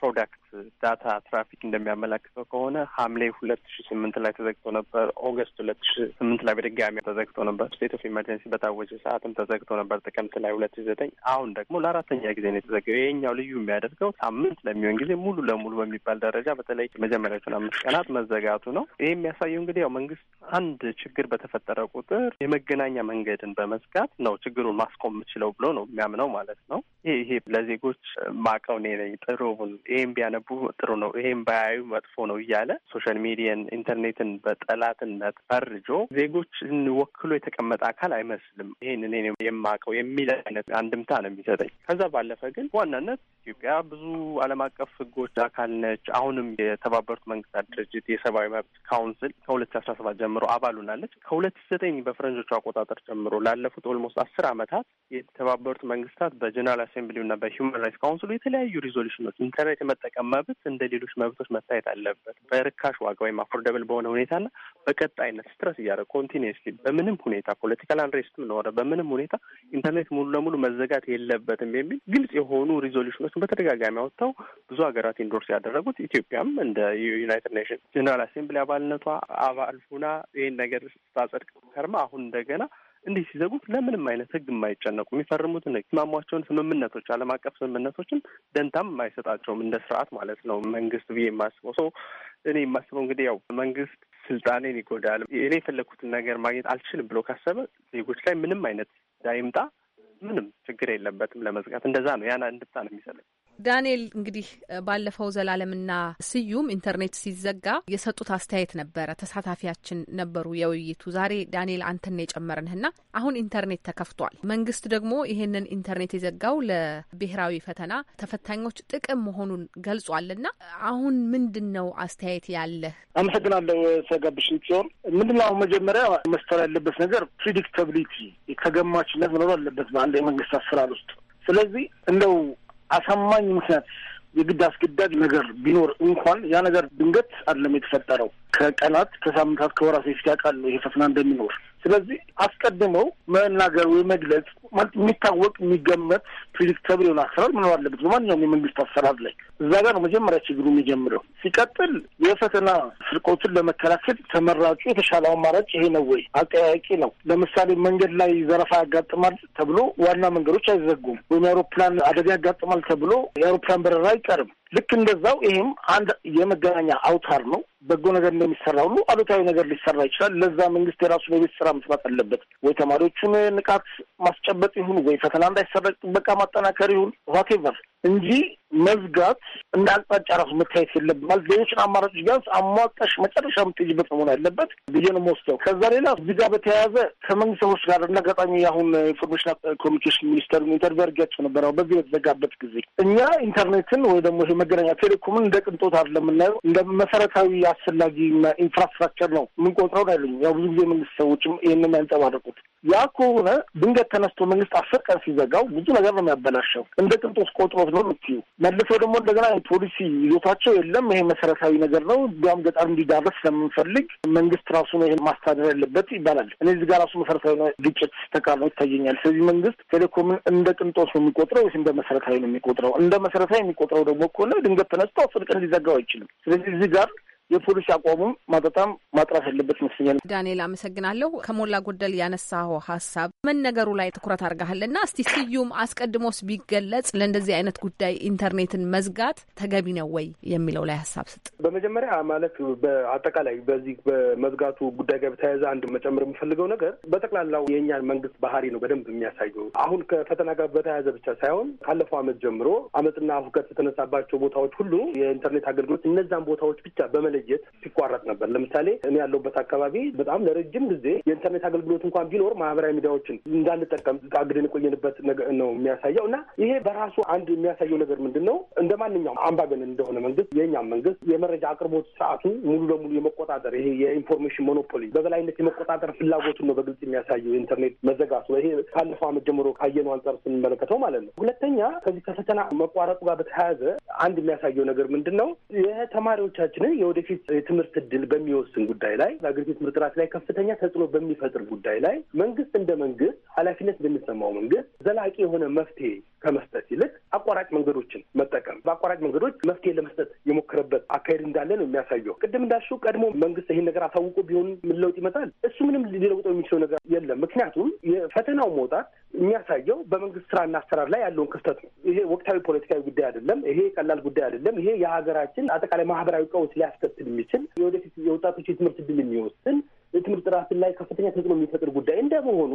Speaker 6: ፕሮዳክት ዳታ ትራፊክ እንደሚያመላክተው ከሆነ ሐምሌ ሁለት ሺ ስምንት ላይ ተዘግቶ ነበር። ኦገስት ሁለት ሺ ስምንት ላይ በድጋሚ ተዘግቶ ነበር። ስቴት ኦፍ ኢመርጀንሲ በታወጀ ሰዓትም ተዘግቶ ነበር ጥቅምት ላይ ሁለት ሺ ዘጠኝ አሁን ደግሞ ለአራተኛ ጊዜ ነው የተዘገው። ይሄኛው ልዩ የሚያደርገው ሳምንት ለሚሆን ጊዜ ሙሉ ለሙሉ በሚባል ደረጃ በተለይ መጀመሪያዎቹን አምስት ቀናት መዘጋ መዘጋቱ ነው። ይህ የሚያሳየው እንግዲህ ያው መንግስት አንድ ችግር በተፈጠረ ቁጥር የመገናኛ መንገድን በመዝጋት ነው ችግሩን ማስቆም የምችለው ብሎ ነው የሚያምነው ማለት ነው። ይሄ ይሄ ለዜጎች ማቀው እኔ ነኝ ጥሩ ይሄም ቢያነቡ ጥሩ ነው፣ ይሄም ባያዩ መጥፎ ነው እያለ ሶሻል ሚዲያን ኢንተርኔትን በጠላትነት ፈርጆ ዜጎችን ወክሎ የተቀመጠ አካል አይመስልም። ይህን እኔ የማቀው የሚል አይነት አንድምታ ነው የሚሰጠኝ። ከዛ ባለፈ ግን ዋናነት ኢትዮጵያ ብዙ ዓለም አቀፍ ህጎች አካል ነች። አሁንም የተባበሩት መንግስታት ድርጅት የሰብአዊ መብት ካውንስል ከሁለት አስራ ሰባት ጀምሮ አባል ሆናለች። ከሁለት ዘጠኝ በፈረንጆቹ አቆጣጠር ጀምሮ ላለፉት ኦልሞስት አስር ዓመታት የተባበሩት መንግስታት በጀነራል አሴምብሊው እና በሂውማን ራይትስ ካውንስሉ የተለያዩ ሪዞሉሽኖች ኢንተርኔት የመጠቀም መብት እንደ ሌሎች መብቶች መታየት አለበት በርካሽ ዋጋ ወይም አፎርደብል በሆነ ሁኔታና በቀጣይነት ስትረስ እያደረገ ኮንቲኒስሊ በምንም ሁኔታ ፖለቲካል አንሬስትም ኖረ በምንም ሁኔታ ኢንተርኔት ሙሉ ለሙሉ መዘጋት የለበትም የሚል ግልጽ የሆኑ ሪዞሉሽኖች ምክንያቱም በተደጋጋሚ አወጥተው ብዙ ሀገራት ኢንዶርስ ያደረጉት ኢትዮጵያም እንደ ዩናይትድ ኔሽን ጀኔራል አሴምብሊ አባልነቷ አባል ሁና ይህን ነገር ስታጸድቅ ከርማ አሁን እንደገና እንዲህ ሲዘጉት ለምንም አይነት ህግ የማይጨነቁ የሚፈርሙትን የሚስማሟቸውን ስምምነቶች ዓለም አቀፍ ስምምነቶችን ደንታም የማይሰጣቸውም እንደ ስርዓት ማለት ነው መንግስት ብዬ የማስበው ሰው እኔ የማስበው እንግዲህ ያው መንግስት ስልጣኔን ይጎዳል፣ እኔ የፈለግኩትን ነገር ማግኘት አልችልም ብሎ ካሰበ ዜጎች ላይ ምንም አይነት ዳይምጣ ምንም ችግር የለበትም ለመዝጋት። እንደዛ ነው ያን እንድታ ነው የሚሰለኝ።
Speaker 3: ዳንኤል እንግዲህ ባለፈው ዘላለምና ስዩም ኢንተርኔት ሲዘጋ የሰጡት አስተያየት ነበረ። ተሳታፊያችን ነበሩ የውይይቱ። ዛሬ ዳንኤል አንተን የጨመርንህና አሁን ኢንተርኔት ተከፍቷል። መንግስት ደግሞ ይሄንን ኢንተርኔት የዘጋው ለብሔራዊ ፈተና ተፈታኞች ጥቅም መሆኑን ገልጿልና አሁን ምንድን ነው አስተያየት ያለህ?
Speaker 7: አመሰግናለሁ ሰጋብሽ ሲሆን ምንድን ነው አሁን መጀመሪያ መስተር ያለበት ነገር ፕሪዲክታብሊቲ ተገማችነት መኖር አለበት በአንድ የመንግስት አሰራር ውስጥ ስለዚህ እንደው አሳማኝ ምክንያት የግድ አስገዳጅ ነገር ቢኖር እንኳን ያ ነገር ድንገት አይደለም የተፈጠረው ከቀናት ከሳምንታት፣ ከወራት በፊት ያውቃሉ ይሄ ፈተና እንደሚኖር። ስለዚህ አስቀድመው መናገር ወይ መግለጽ የሚታወቅ የሚገመት ፕሪዲክተብል የሆነ አሰራር መኖር አለበት በማንኛውም የመንግስት አሰራር ላይ። እዛ ጋር ነው መጀመሪያ ችግሩ የሚጀምረው። ሲቀጥል የፈተና ስርቆትን ለመከላከል ተመራጩ የተሻለ አማራጭ ይሄ ነው ወይ? አጠያቂ ነው። ለምሳሌ መንገድ ላይ ዘረፋ ያጋጥማል ተብሎ ዋና መንገዶች አይዘጉም፣ ወይም የአውሮፕላን አደጋ ያጋጥማል ተብሎ የአውሮፕላን በረራ አይቀርም። ልክ እንደዛው ይህም አንድ የመገናኛ አውታር ነው። በጎ ነገር እንደሚሰራ ሁሉ አሉታዊ ነገር ሊሰራ ይችላል። ለዛ መንግስት የራሱ የቤት ስራ መስራት አለበት። ወይ ተማሪዎቹን ንቃት ማስጨበጥ ይሁን፣ ወይ ፈተና እንዳይሰረቅ ጥበቃ ማጠናከር ይሁን ዋቴቨር እንጂ መዝጋት እንደ አቅጣጫ ራሱ መታየት የለብን ማለት ሌሎችን አማራጮች ቢያንስ አሟጣሽ መጨረሻ የምትሄጂበት መሆን ያለበት ብዬ ነው የምወስደው። ከዛ ሌላ እዚህ ጋር በተያያዘ ከመንግስት ሰዎች ጋር እና አጋጣሚ አሁን ኢንፎርሜሽን ኮሚኒኬሽን ሚኒስተር ኢንተርቪው አድርጊያቸው ነበረ። በዚህ በተዘጋበት ጊዜ እኛ ኢንተርኔትን ወይ ደግሞ ይሄ መገናኛ ቴሌኮምን እንደ ቅንጦት አይደለም የምናየው፣ እንደ መሰረታዊ አስፈላጊ ኢንፍራስትራክቸር ነው የምንቆጥረው ነው ያሉኝ። ያው ብዙ ጊዜ መንግስት ሰዎችም ይህንን ያንጸባርቁት ያ ከሆነ ድንገት ተነስቶ መንግስት አስር ቀን ሲዘጋው ብዙ ነገር ነው የሚያበላሸው። እንደ ቅንጦስ ቆጥሮት ነው የምትዩ። መልሰው ደግሞ እንደገና ፖሊሲ ይዞታቸው የለም። ይሄ መሰረታዊ ነገር ነው። ቢያም ገጠር እንዲዳረስ ስለምንፈልግ መንግስት ራሱ ነው ይሄን ማስታደር ያለበት ይባላል። እኔ እዚህ ጋር ራሱ መሰረታዊ ነው ግጭት ተቃርኖ ይታየኛል። ስለዚህ መንግስት ቴሌኮምን እንደ ቅንጦት ነው የሚቆጥረው ወይስ እንደ መሰረታዊ ነው የሚቆጥረው? እንደ መሰረታዊ የሚቆጥረው ደግሞ ከሆነ ድንገት ተነስቶ አስር ቀን ሊዘጋው አይችልም። ስለዚህ እዚህ ጋር የፖሊስ አቋሙም ማጠጣም ማጥራት ያለበት ይመስለኛል።
Speaker 3: ዳንኤል አመሰግናለሁ። ከሞላ ጎደል ያነሳው ሀሳብ መነገሩ ላይ ትኩረት አድርገሃል እና እስቲ ስዩም አስቀድሞስ ቢገለጽ ለእንደዚህ አይነት ጉዳይ ኢንተርኔትን መዝጋት ተገቢ ነው ወይ የሚለው ላይ ሀሳብ ስጥ።
Speaker 8: በመጀመሪያ ማለት በአጠቃላይ በዚህ በመዝጋቱ ጉዳይ ጋር በተያያዘ አንድ መጨመር የምፈልገው ነገር በጠቅላላው የእኛን መንግስት ባህሪ ነው በደንብ የሚያሳየው። አሁን ከፈተና ጋር በተያያዘ ብቻ ሳይሆን ካለፈው አመት ጀምሮ አመፅና ሁከት የተነሳባቸው ቦታዎች ሁሉ የኢንተርኔት አገልግሎት እነዛን ቦታዎች ብቻ በመ መለየት ሲቋረጥ ነበር። ለምሳሌ እኔ ያለሁበት አካባቢ በጣም ለረጅም ጊዜ የኢንተርኔት አገልግሎት እንኳን ቢኖር ማህበራዊ ሚዲያዎችን እንዳንጠቀም ታግደን የቆየንበት ነው የሚያሳየው እና ይሄ በራሱ አንድ የሚያሳየው ነገር ምንድን ነው? እንደ ማንኛውም አምባገነን እንደሆነ መንግስት፣ የእኛም መንግስት የመረጃ አቅርቦት ስርዓቱ ሙሉ ለሙሉ የመቆጣጠር ይሄ የኢንፎርሜሽን ሞኖፖሊ በበላይነት የመቆጣጠር ፍላጎቱን ነው በግልጽ የሚያሳየው የኢንተርኔት መዘጋቱ። ይሄ ካለፈው አመት ጀምሮ ካየነው አንጻር ስንመለከተው ማለት ነው። ሁለተኛ ከዚህ ከፈተና መቋረጡ ጋር በተያያዘ አንድ የሚያሳየው ነገር ምንድን ነው? የተማሪዎቻችንን የወደ የወደፊት የትምህርት እድል በሚወስን ጉዳይ ላይ በሀገሪቱ የትምህርት ጥራት ላይ ከፍተኛ ተጽዕኖ በሚፈጥር ጉዳይ ላይ መንግስት እንደ መንግስት ኃላፊነት እንደሚሰማው መንግስት ዘላቂ የሆነ መፍትሄ ከመስጠት ይልቅ አቋራጭ መንገዶችን መጠቀም በአቋራጭ መንገዶች መፍትሄ ለመስጠት የሞከረበት አካሄድ እንዳለ ነው የሚያሳየው። ቅድም እንዳሹ ቀድሞ መንግስት ይህን ነገር አሳውቆ ቢሆን ምን ለውጥ ይመጣል? እሱ ምንም ሊለውጠው የሚችለው ነገር የለም። ምክንያቱም የፈተናው መውጣት የሚያሳየው በመንግስት ስራና አሰራር ላይ ያለውን ክፍተት ነው። ይሄ ወቅታዊ ፖለቲካዊ ጉዳይ አይደለም። ይሄ ቀላል ጉዳይ አይደለም። ይሄ የሀገራችን አጠቃላይ ማህበራዊ ቀውስ ሊያስከትል ሊያስከትል የሚችል የወደፊት የወጣቶች የትምህርት ድል የሚወስን የትምህርት ጥራትን ላይ ከፍተኛ ተጽዕኖ የሚፈጥር ጉዳይ እንደመሆኑ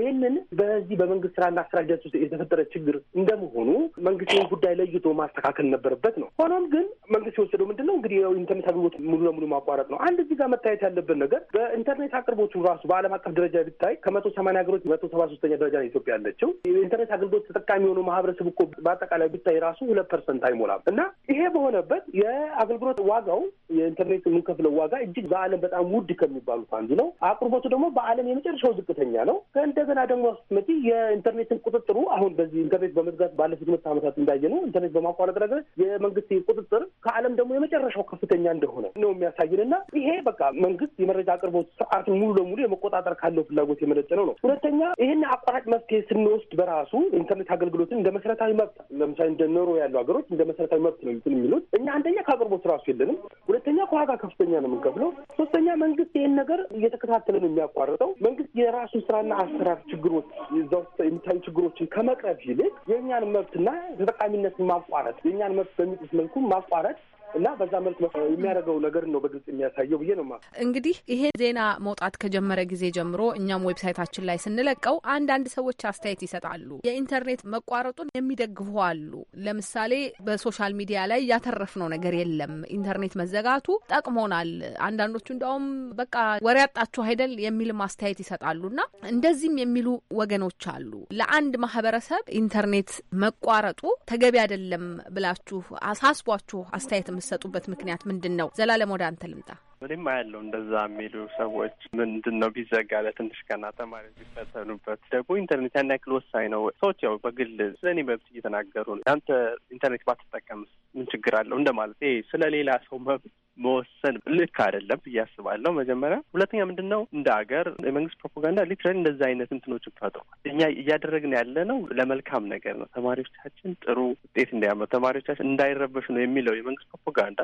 Speaker 8: ይህንን በዚህ በመንግስት ስራና ሂደት ውስጥ የተፈጠረ ችግር እንደመሆኑ መንግስት ይህን ጉዳይ ለይቶ ማስተካከል ነበረበት ነው። ሆኖም ግን መንግስት የወሰደው ምንድን ነው እንግዲህ ኢንተርኔት አቅርቦት ሙሉ ለሙሉ ማቋረጥ ነው። አንድ እዚህ ጋር መታየት ያለበት ነገር በኢንተርኔት አቅርቦቱ ራሱ በዓለም አቀፍ ደረጃ ቢታይ ከመቶ ሰማንያ ሀገሮች መቶ ሰባ ሶስተኛ ደረጃ ነው ኢትዮጵያ ያለችው። የኢንተርኔት አገልግሎት ተጠቃሚ የሆነው ማህበረሰብ እኮ በአጠቃላይ ቢታይ ራሱ ሁለት ፐርሰንት አይሞላም እና ይሄ በሆነበት የአገልግሎት ዋጋው የኢንተርኔት የምንከፍለው ዋጋ እጅግ በዓለም በጣም ውድ ከሚባሉት አንዱ ነው። አቅርቦቱ ደግሞ በዓለም የመጨረሻው ዝቅተኛ ነው። ከእንደ እንደገና ደግሞ መጪ የኢንተርኔትን ቁጥጥሩ አሁን በዚህ ኢንተርኔት በመዝጋት ባለፉት ሁለት ዓመታት እንዳየ ነው ኢንተርኔት በማቋረጥ ረገድ የመንግስት ቁጥጥር ከዓለም ደግሞ የመጨረሻው ከፍተኛ እንደሆነ ነው የሚያሳይን እና ይሄ በቃ መንግስት የመረጃ አቅርቦት ስርዓቱን ሙሉ ለሙሉ የመቆጣጠር ካለው ፍላጎት የመለጨ ነው ነው። ሁለተኛ ይህን አቋራጭ መፍትሄ ስንወስድ በራሱ ኢንተርኔት አገልግሎትን እንደ መሰረታዊ መብት ለምሳሌ እንደ ኖሮ ያሉ ሀገሮች እንደ መሰረታዊ መብት ነው እንትን የሚሉት እኛ አንደኛ ከአቅርቦት ራሱ የለንም፣ ሁለተኛ ከዋጋ ከፍተኛ ነው የምንከፍለው፣ ሶስተኛ መንግስት ይህን ነገር እየተከታተለ ነው የሚያቋርጠው። መንግስት የራሱ ስራና አሰራር ችግሮች እዛ ውስጥ የሚታዩ ችግሮችን ከመቅረብ ይልቅ የእኛን መብትና ተጠቃሚነትን ማቋረጥ የእኛን መብት በሚጥስ መልኩ ማቋረጥ እና በዛ መልክ የሚያደርገው ነገር ነው በግልጽ የሚያሳየው ብዬ ነው
Speaker 3: እንግዲህ ይሄ ዜና መውጣት ከጀመረ ጊዜ ጀምሮ እኛም ዌብሳይታችን ላይ ስንለቀው አንዳንድ ሰዎች አስተያየት ይሰጣሉ። የኢንተርኔት መቋረጡን የሚደግፉ አሉ። ለምሳሌ በሶሻል ሚዲያ ላይ ያተረፍነው ነገር የለም፣ ኢንተርኔት መዘጋቱ ጠቅሞናል። አንዳንዶቹ እንዳውም በቃ ወሬ ያጣችሁ አይደል የሚልም አስተያየት ይሰጣሉ። እና እንደዚህም የሚሉ ወገኖች አሉ። ለአንድ ማህበረሰብ ኢንተርኔት መቋረጡ ተገቢ አይደለም ብላችሁ አሳስቧችሁ አስተያየት የምትሰጡበት ምክንያት ምንድን ነው? ዘላለም ወደ አንተ ልምጣ።
Speaker 6: ምንም አያለው እንደዛ የሚሉ ሰዎች ምንድን ነው ቢዘጋ ለትንሽ ቀና ተማሪ ቢፈተኑበት። ደግሞ ኢንተርኔት ያን ያክል ወሳኝ ነው። ሰዎች ያው በግል ስለ እኔ መብት እየተናገሩ ነው። ያንተ ኢንተርኔት ባትጠቀምስ ምን ችግር አለው እንደማለት። ይሄ ስለ ሌላ ሰው መብት መወሰን ልክ አይደለም ብዬ አስባለሁ። መጀመሪያ ሁለተኛ ምንድን ነው እንደ ሀገር የመንግስት ፕሮፓጋንዳ ሊትራሊ እንደዚ አይነት እንትኖችን ፈጥሯል። እኛ እያደረግን ያለ ነው ለመልካም ነገር ነው። ተማሪዎቻችን ጥሩ ውጤት እንዲያመሩ፣ ተማሪዎቻችን እንዳይረበሹ ነው የሚለው የመንግስት ፕሮፓጋንዳ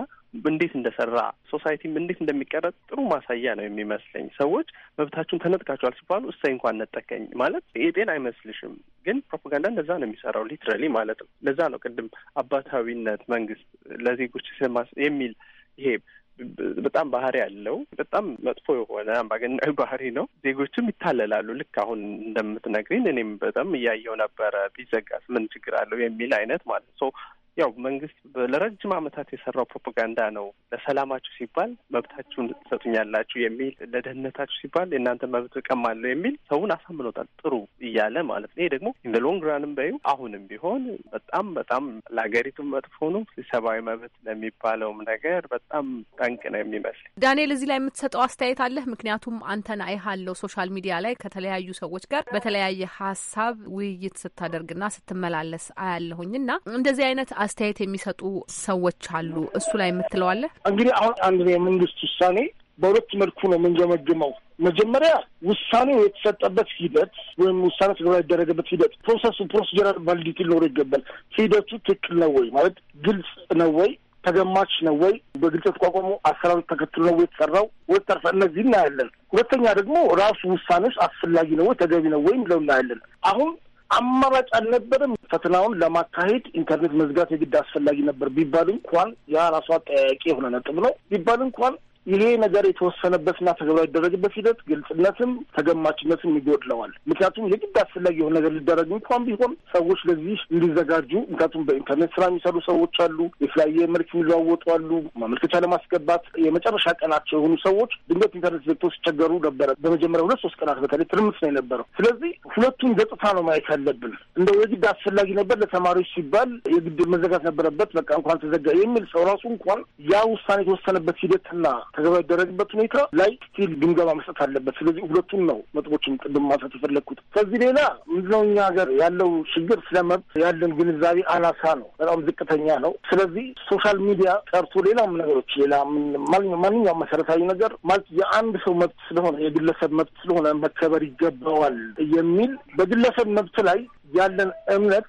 Speaker 6: እንዴት እንደሰራ ሶሳይቲም እንዴት እንደሚቀረጽ ጥሩ ማሳያ ነው የሚመስለኝ። ሰዎች መብታችሁን ተነጥቃችኋል ሲባሉ እሰይ እንኳን ነጠቀኝ ማለት የጤን አይመስልሽም። ግን ፕሮፓጋንዳ እንደዛ ነው የሚሰራው ሊትራሊ ማለት ነው። ለዛ ነው ቅድም አባታዊነት መንግስት ለዜጎች የሚል ይሄ በጣም ባህሪ ያለው በጣም መጥፎ የሆነ አምባገናዊ ባህሪ ነው። ዜጎችም ይታለላሉ። ልክ አሁን እንደምትነግሪን እኔም በጣም እያየው ነበረ። ቢዘጋስ ምን ችግር አለው የሚል አይነት ማለት ሰው ያው መንግስት ለረጅም ዓመታት የሰራው ፕሮፓጋንዳ ነው። ለሰላማችሁ ሲባል መብታችሁን ትሰጡኛላችሁ የሚል ለደህንነታችሁ ሲባል የእናንተ መብት እቀማለሁ የሚል ሰውን አሳምኖታል ጥሩ እያለ ማለት ነው። ይሄ ደግሞ ኢን ሎንግ ራንም በዩ አሁንም ቢሆን በጣም በጣም ለሀገሪቱ መጥፎ ነው። ሰብአዊ መብት ለሚባለውም ነገር በጣም ጠንቅ ነው የሚመስል።
Speaker 3: ዳንኤል፣ እዚህ ላይ የምትሰጠው አስተያየት አለህ? ምክንያቱም አንተን አይሃለው ሶሻል ሚዲያ ላይ ከተለያዩ ሰዎች ጋር በተለያየ ሀሳብ ውይይት ስታደርግና ስትመላለስ አያለሁኝ እና እንደዚህ አይነት አስተያየት የሚሰጡ ሰዎች አሉ። እሱ ላይ የምትለዋለ
Speaker 7: እንግዲህ አሁን አንድ የመንግስት ውሳኔ በሁለት መልኩ ነው የምንገመግመው። መጀመሪያ ውሳኔው የተሰጠበት ሂደት ወይም ውሳኔ ተግባራዊ ይደረገበት ሂደት ፕሮሰሱ ፕሮሲጀራል ቫሊዲቲ ሊኖረው ይገባል። ሂደቱ ትክክል ነው ወይ ማለት ግልጽ ነው ወይ ተገማች ነው ወይ በግልጽ የተቋቋሙ አሰራሩ ተከትሎ ነው የተሰራው ወይ ተርፈ እነዚህ እናያለን። ሁለተኛ ደግሞ ራሱ ውሳኔዎች አስፈላጊ ነው ወይ ተገቢ ነው ወይም ለው እናያለን። አሁን አማራጭ አልነበረም። ፈተናውን ለማካሄድ ኢንተርኔት መዝጋት የግድ አስፈላጊ ነበር ቢባል እንኳን ያ ራሷ አጠያያቂ የሆነ ነጥብ ነው ቢባል እንኳን ይሄ ነገር የተወሰነበትና ተግባራዊ ይደረግበት ሂደት ግልጽነትም ተገማችነትም ይጎድለዋል። ምክንያቱም የግድ አስፈላጊ የሆነ ነገር ሊደረግ እንኳን ቢሆን ሰዎች ለዚህ እንዲዘጋጁ፣ ምክንያቱም በኢንተርኔት ስራ የሚሰሩ ሰዎች አሉ፣ የተለያየ መልክ የሚለዋወጡ አሉ። ማመልከቻ ለማስገባት የመጨረሻ ቀናቸው የሆኑ ሰዎች ድንገት ኢንተርኔት ዘግቶ ሲቸገሩ ነበረ። በመጀመሪያ ሁለት ሶስት ቀናት በተለይ ትርምስ ነው የነበረው። ስለዚህ ሁለቱም ገጽታ ነው ማየት ያለብን። እንደው የግድ አስፈላጊ ነበር ለተማሪዎች ሲባል የግድ መዘጋት ነበረበት፣ በቃ እንኳን ተዘጋ የሚል ሰው ራሱ እንኳን ያ ውሳኔ የተወሰነበት ሂደትና ተገባ ሁኔታ ላይ ስቲል ግምገማ መስጠት አለበት። ስለዚህ ሁለቱም ነው ነጥቦችን ቅድም ማንሳት የፈለግኩት። ከዚህ ሌላ ምንድነው እኛ ሀገር ያለው ችግር ስለ መብት ያለን ግንዛቤ አናሳ ነው፣ በጣም ዝቅተኛ ነው። ስለዚህ ሶሻል ሚዲያ ቀርቶ ሌላም ነገሮች ሌላ ማንኛውም መሰረታዊ ነገር ማለት የአንድ ሰው መብት ስለሆነ የግለሰብ መብት ስለሆነ መከበር ይገባዋል የሚል በግለሰብ መብት ላይ ያለን እምነት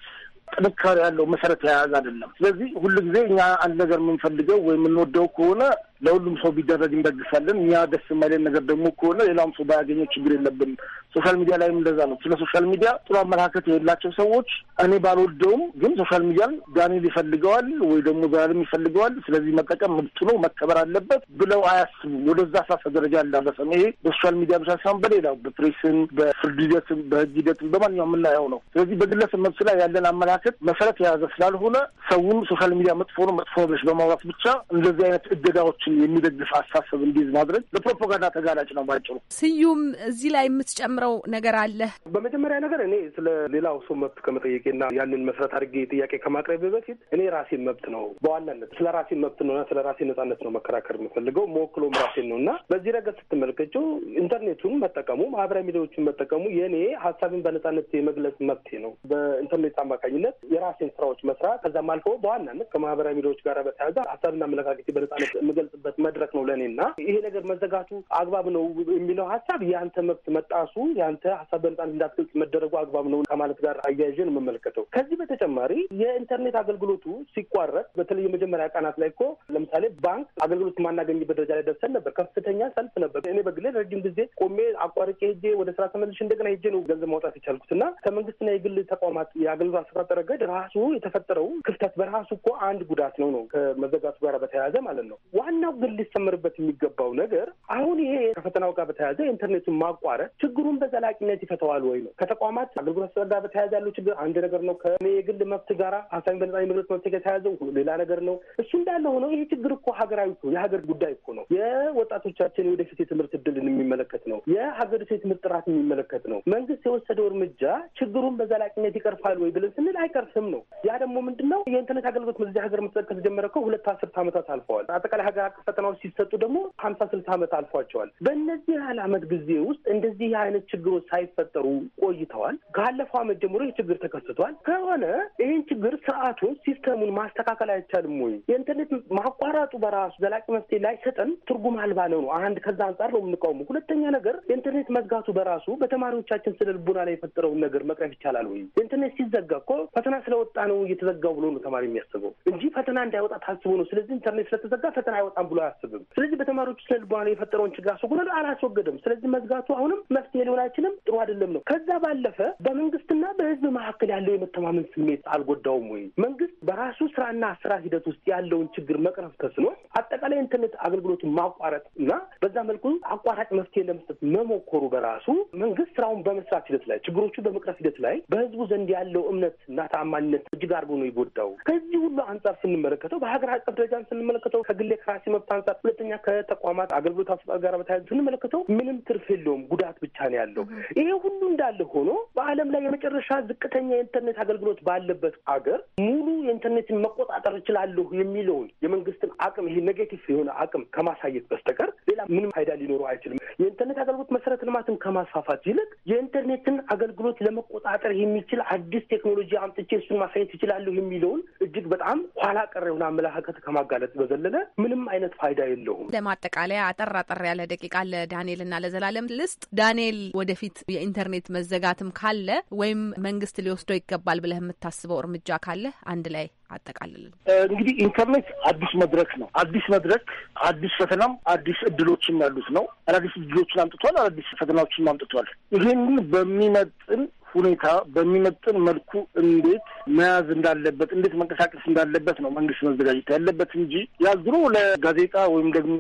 Speaker 7: ጥንካሬ ያለው መሰረት የያዝ አይደለም። ስለዚህ ሁልጊዜ እኛ አንድ ነገር የምንፈልገው ወይም የምንወደው ከሆነ ለሁሉም ሰው ቢደረግ እንደግፋለን። እኛ ደስ የማይለን ነገር ደግሞ ከሆነ ሌላውም ሰው ባያገኘው ችግር የለብንም። ሶሻል ሚዲያ ላይም እንደዛ ነው። ስለ ሶሻል ሚዲያ ጥሩ አመለካከት የሌላቸው ሰዎች እኔ ባልወደውም፣ ግን ሶሻል ሚዲያን ዳንኤል ይፈልገዋል ወይ ደግሞ ዘላለም ይፈልገዋል፣ ስለዚህ መጠቀም መብቱ ነው መከበር አለበት ብለው አያስቡም። ወደዛ ሳሳ ደረጃ አልደረሰም። ይሄ በሶሻል ሚዲያ ብቻ ሳይሆን በሌላው በፕሬስም፣ በፍርድ ሂደትም፣ በህግ ሂደትም በማንኛውም የምናየው ነው። ስለዚህ በግለሰብ መብት ላይ ያለን አመለካከት መሰረት የያዘ ስላልሆነ ሰውን ሶሻል ሚዲያ መጥፎ ነው መጥፎ ነው ብለሽ በማውራት ብቻ እንደዚህ አይነት እገዳዎችን የሚደግፍ አስተሳሰብ እንዲይዝ ማድረግ ለፕሮፓጋንዳ ተጋላጭ ነው ባጭሩ።
Speaker 3: ስዩም፣ እዚህ ላይ የምትጨምረው ነገር አለ?
Speaker 7: በመጀመሪያ ነገር እኔ ስለ ሌላው ሰው መብት
Speaker 8: ከመጠየቄና ያንን መስረት አድርጌ ጥያቄ ከማቅረቤ በፊት እኔ ራሴ መብት ነው በዋናነት ስለ ራሴን መብት ነውና ስለ ራሴ ነጻነት ነው መከራከር የምፈልገው መወክሎም ራሴን ነው እና በዚህ ረገድ ስትመለከቸው ኢንተርኔቱን መጠቀሙ ማህበራዊ ሚዲያዎችን መጠቀሙ የእኔ ሀሳብን በነጻነት የመግለጽ መብቴ ነው። በኢንተርኔት አማካኝነት የራሴን ስራዎች መስራት ከዛም አልፎ በዋናነት ከማህበራዊ ሚዲያዎች ጋር በተያያዘ ሀሳብና አመለካከቴ በነጻነት የምገልጽ የምንገልጽበት መድረክ ነው ለእኔ እና ይሄ ነገር መዘጋቱ አግባብ ነው የሚለው ሀሳብ የአንተ መብት መጣሱ የአንተ ሀሳብ በነጻነት እንዳትገልጽ መደረጉ አግባብ ነው ከማለት ጋር አያይዤን የምመለከተው። ከዚህ በተጨማሪ የኢንተርኔት አገልግሎቱ ሲቋረጥ በተለይ የመጀመሪያ ቀናት ላይ እኮ ለምሳሌ ባንክ አገልግሎት ማናገኝበት ደረጃ ላይ ደርሰን ነበር። ከፍተኛ ሰልፍ ነበር። እኔ በግሌ ረጅም ጊዜ ቆሜ አቋርጬ ሄጄ ወደ ስራ ተመልሼ እንደገና ሄጄ ነው ገንዘብ ማውጣት የቻልኩት እና ከመንግስትና የግል ተቋማት የአገልግሎት አሰጣጥ ረገድ ራሱ የተፈጠረው ክፍተት በራሱ እኮ አንድ ጉዳት ነው ነው ከመዘጋቱ ጋር በተያያዘ ማለት ነው ዋና ሌላው ግን ሊሰምርበት የሚገባው ነገር አሁን ይሄ ከፈተናው ጋር በተያያዘ ኢንተርኔቱን ማቋረጥ ችግሩን በዘላቂነት ይፈተዋል ወይ ነው። ከተቋማት አገልግሎት ስጠት ጋር በተያያዘ ያለው ችግር አንድ ነገር ነው። ከየግል መብት ጋራ ሀሳቢ በነጻ የመግለጽ መብት ጋር የተያያዘው ሌላ ነገር ነው። እሱ እንዳለ ሆነው ይሄ ችግር እኮ ሀገራዊ የሀገር ጉዳይ እኮ ነው። የወጣቶቻችን የወደፊት የትምህርት እድልን የሚመለከት ነው። የሀገሪቱ የትምህርት ጥራት የሚመለከት ነው። መንግስት የወሰደው እርምጃ ችግሩን በዘላቂነት ይቀርፋል ወይ ብለን ስንል አይቀርፍም ነው። ያ ደግሞ ምንድን ነው የኢንተርኔት አገልግሎት በዚህ ሀገር መስጠት ከተጀመረ እኮ ሁለት አስርት ዓመታት አልፈዋል። አጠቃላይ ሀገር ፈተናዎች ሲሰጡ ደግሞ ሀምሳ ስልሳ ዓመት አልፏቸዋል። በእነዚህ ያህል ዓመት ጊዜ ውስጥ እንደዚህ አይነት ችግሮች ሳይፈጠሩ ቆይተዋል። ካለፈው ዓመት ጀምሮ ይህ ችግር ተከስቷል። ከሆነ ይህን ችግር ስርዓቱን፣ ሲስተሙን ማስተካከል አይቻልም ወይ? የኢንተርኔት ማቋረጡ በራሱ ዘላቂ መፍትሄ ላይሰጠን ትርጉም አልባ ነው አንድ ከዛ አንጻር ነው የምንቃውሙ። ሁለተኛ ነገር የኢንተርኔት መዝጋቱ በራሱ በተማሪዎቻችን ስለ ልቡና ላይ የፈጠረውን ነገር መቅረፍ ይቻላል ወይ? የኢንተርኔት ሲዘጋ እኮ ፈተና ስለወጣ ነው እየተዘጋው ብሎ ነው ተማሪ የሚያስበው እንጂ ፈተና እንዳይወጣ ታስቦ ነው። ስለዚህ ኢንተርኔት ስለተዘጋ ፈተና አይወጣም ይጠቅማል ብሎ አያስብም። ስለዚህ በተማሪዎች ስነ ልቦና የፈጠረውን ችግር አስወግዷል አላስወገደም። ስለዚህ መዝጋቱ አሁንም መፍትሄ ሊሆን አይችልም፣ ጥሩ አይደለም ነው። ከዛ ባለፈ በመንግስትና በህዝብ መካከል ያለው የመተማመን ስሜት አልጎዳውም ወይ? መንግስት በራሱ ስራና ስራ ሂደት ውስጥ ያለውን ችግር መቅረፍ ተስኖ አጠቃላይ ኢንተርኔት አገልግሎቱን ማቋረጥ እና በዛ መልኩ አቋራጭ መፍትሄ ለመስጠት መሞከሩ በራሱ መንግስት ስራውን በመስራት ሂደት ላይ ችግሮቹ በመቅረፍ ሂደት ላይ በህዝቡ ዘንድ ያለው እምነት እና ታማኝነት እጅግ አድርጎ ነው ይጎዳው። ከዚህ ሁሉ አንጻር ስንመለከተው በሀገር አቀፍ ደረጃን ስንመለከተው ከግሌ ከራሴ መብት አንጻር፣ ሁለተኛ ከተቋማት አገልግሎት አሰጣጥ ጋር በተያያዘ ስንመለከተው ምንም ትርፍ የለውም፣ ጉዳት ብቻ ነው ያለው። ይሄ ሁሉ እንዳለ ሆኖ በዓለም ላይ የመጨረሻ ዝቅተኛ የኢንተርኔት አገልግሎት ባለበት አገር ሙሉ የኢንተርኔትን መቆጣጠር እችላለሁ የሚለውን የመንግስትን አቅም ይሄ ኔጌቲቭ የሆነ አቅም ከማሳየት በስተቀር ሌላ ምንም ፋይዳ ሊኖረው አይችልም። የኢንተርኔት አገልግሎት መሰረተ ልማትን ከማስፋፋት ይልቅ የኢንተርኔትን አገልግሎት ለመቆጣጠር የሚችል አዲስ ቴክኖሎጂ አምጥቼ እሱን ማሳየት ይችላለሁ የሚለውን እጅግ በጣም ኋላ ቀር የሆነ አመለካከት ከማጋለጥ በዘለለ ምንም አይነት አይነት ፋይዳ የለውም።
Speaker 3: ለማጠቃለያ አጠር አጠር ያለ ደቂቃ ለዳንኤልና ለዘላለም ልስጥ። ዳንኤል ወደፊት የኢንተርኔት መዘጋትም ካለ ወይም መንግስት ሊወስደው ይገባል ብለህ የምታስበው እርምጃ ካለ አንድ ላይ አጠቃልልን።
Speaker 7: እንግዲህ ኢንተርኔት አዲስ መድረክ ነው። አዲስ መድረክ፣ አዲስ ፈተናም አዲስ እድሎችም ያሉት ነው። አዳዲስ እድሎችን አምጥቷል፣ አዳዲስ ፈተናዎችን አምጥቷል። ይህን በሚመጥን ሁኔታ በሚመጥን መልኩ እንዴት መያዝ እንዳለበት፣ እንዴት መንቀሳቀስ እንዳለበት ነው መንግስት መዘጋጀት ያለበት እንጂ ያ ድሮ ለጋዜጣ ወይም ደግሞ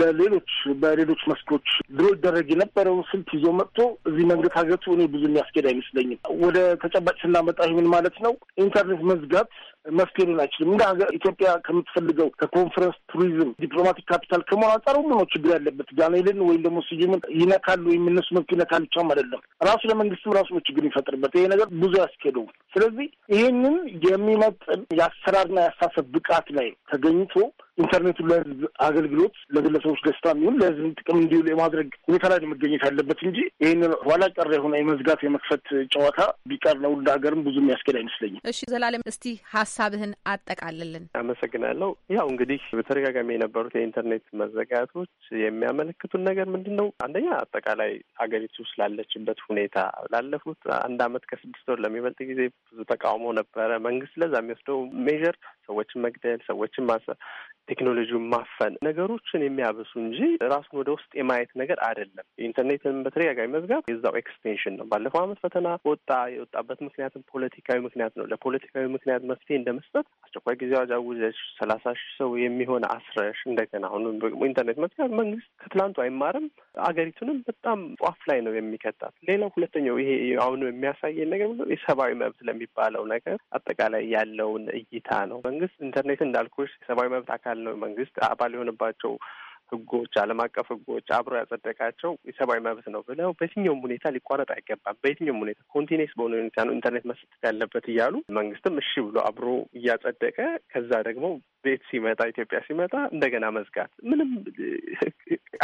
Speaker 7: ለሌሎች በሌሎች መስኮች ድሮ ይደረግ የነበረው ስልት ይዞ መጥቶ እዚህ ሀገቱ እኔ ብዙ የሚያስኬድ አይመስለኝም። ወደ ተጨባጭ ስናመጣ ይህ ምን ማለት ነው? ኢንተርኔት መዝጋት መፍትሄ ሊሆን አይችልም። እንደ ሀገር ኢትዮጵያ ከምትፈልገው ከኮንፈረንስ ቱሪዝም፣ ዲፕሎማቲክ ካፒታል ከመሆን አንጻር ሁሉ ነው ችግር ያለበት። ጋናይልን ወይም ደግሞ ስዩምን ይነካሉ ወይም እነሱ መብት ይነካል ብቻም አይደለም፣ ራሱ ለመንግስትም ራሱ ነው ችግር ይፈጥርበት። ይሄ ነገር ብዙ ያስኬደው። ስለዚህ ይህንን የሚመጥን የአሰራርና የአሳሰብ ብቃት ላይ ተገኝቶ ኢንተርኔቱ ለህዝብ አገልግሎት ለግለሰቦች ደስታ የሚሆን ለህዝብ ጥቅም እንዲውል የማድረግ ሁኔታ ላይ መገኘት ያለበት እንጂ ይህን ኋላ ቀር የሆነ የመዝጋት የመክፈት ጨዋታ ቢቀር ነው እንደ ሀገርም ብዙ የሚያስገድ አይመስለኝም።
Speaker 3: እሺ ዘላለም እስቲ ሀሳብህን አጠቃልልን።
Speaker 7: አመሰግናለሁ። ያው እንግዲህ
Speaker 6: በተደጋጋሚ የነበሩት የኢንተርኔት መዘጋቶች የሚያመለክቱን ነገር ምንድን ነው? አንደኛ አጠቃላይ አገሪቱ ስላለችበት ሁኔታ ላለፉት አንድ አመት ከስድስት ወር ለሚበልጥ ጊዜ ብዙ ተቃውሞ ነበረ። መንግስት ለዛ የሚወስደው ሜዥር ሰዎችን መግደል፣ ሰዎችን ማሰብ፣ ቴክኖሎጂውን ማፈን ነገሮችን የሚያበሱ እንጂ ራሱን ወደ ውስጥ የማየት ነገር አይደለም። ኢንተርኔትን በተደጋጋሚ መዝጋት የዛው ኤክስቴንሽን ነው። ባለፈው ዓመት ፈተና ወጣ። የወጣበት ምክንያትም ፖለቲካዊ ምክንያት ነው። ለፖለቲካዊ ምክንያት መፍትሄ እንደመስጠት አስቸኳይ ጊዜ አዋጅ አውጀሽ ሰላሳ ሺህ ሰው የሚሆን አስረሽ እንደገና አሁን ኢንተርኔት መዝጋት መንግስት ከትላንቱ አይማርም። አገሪቱንም በጣም ጧፍ ላይ ነው የሚከታት። ሌላው ሁለተኛው ይሄ አሁን የሚያሳየን ነገር የሰብአዊ መብት ለሚባለው ነገር አጠቃላይ ያለውን እይታ ነው። መንግስት ኢንተርኔት እንዳልኩሽ የሰብአዊ መብት አካል ነው። መንግስት አባል የሆነባቸው ህጎች፣ ዓለም አቀፍ ህጎች አብሮ ያጸደቃቸው የሰብአዊ መብት ነው ብለው በየትኛውም ሁኔታ ሊቋረጥ አይገባም። በየትኛውም ሁኔታ ኮንቲኔስ በሆነ ሁኔታ ነው ኢንተርኔት መሰጠት ያለበት እያሉ መንግስትም እሺ ብሎ አብሮ እያጸደቀ ከዛ ደግሞ ቤት ሲመጣ ኢትዮጵያ ሲመጣ እንደገና መዝጋት ምንም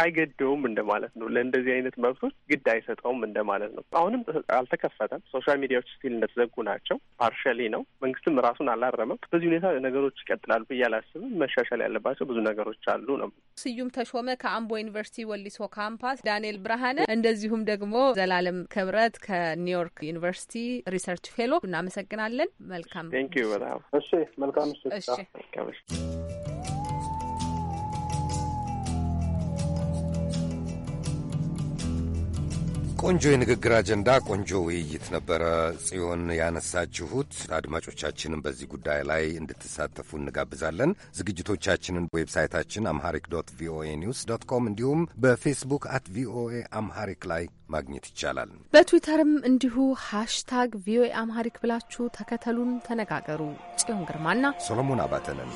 Speaker 6: አይገደውም እንደማለት ነው። ለእንደዚህ አይነት መብቶች ግድ አይሰጠውም እንደማለት ነው። አሁንም አልተከፈተም። ሶሻል ሚዲያዎች ስቲል እንደተዘጉ ናቸው። ፓርሻሊ ነው። መንግስትም ራሱን አላረመም። በዚህ ሁኔታ ነገሮች ይቀጥላሉ ብዬ አላስብም። መሻሻል ያለባቸው
Speaker 3: ብዙ ነገሮች አሉ ነው። ስዩም ተሾመ ከአምቦ ዩኒቨርሲቲ ወሊሶ ካምፓስ፣ ዳንኤል ብርሃነ እንደዚሁም ደግሞ ዘላለም ክብረት ከኒውዮርክ ዩኒቨርሲቲ ሪሰርች ፌሎ እናመሰግናለን። መልካም ቴንክ
Speaker 6: ዩ በጣም እሺ መልካም
Speaker 2: ቆንጆ የንግግር አጀንዳ፣ ቆንጆ ውይይት ነበረ ጽዮን ያነሳችሁት። አድማጮቻችንን በዚህ ጉዳይ ላይ እንድትሳተፉ እንጋብዛለን። ዝግጅቶቻችንን ዌብሳይታችን አምሃሪክ ዶት ቪኦኤ ኒውስ ዶት ኮም እንዲሁም በፌስቡክ አት ቪኦኤ አምሃሪክ ላይ ማግኘት ይቻላል።
Speaker 3: በትዊተርም እንዲሁ ሃሽታግ ቪኦኤ አምሃሪክ ብላችሁ ተከተሉን፣ ተነጋገሩ። ጽዮን ግርማና ሶሎሞን አባተነን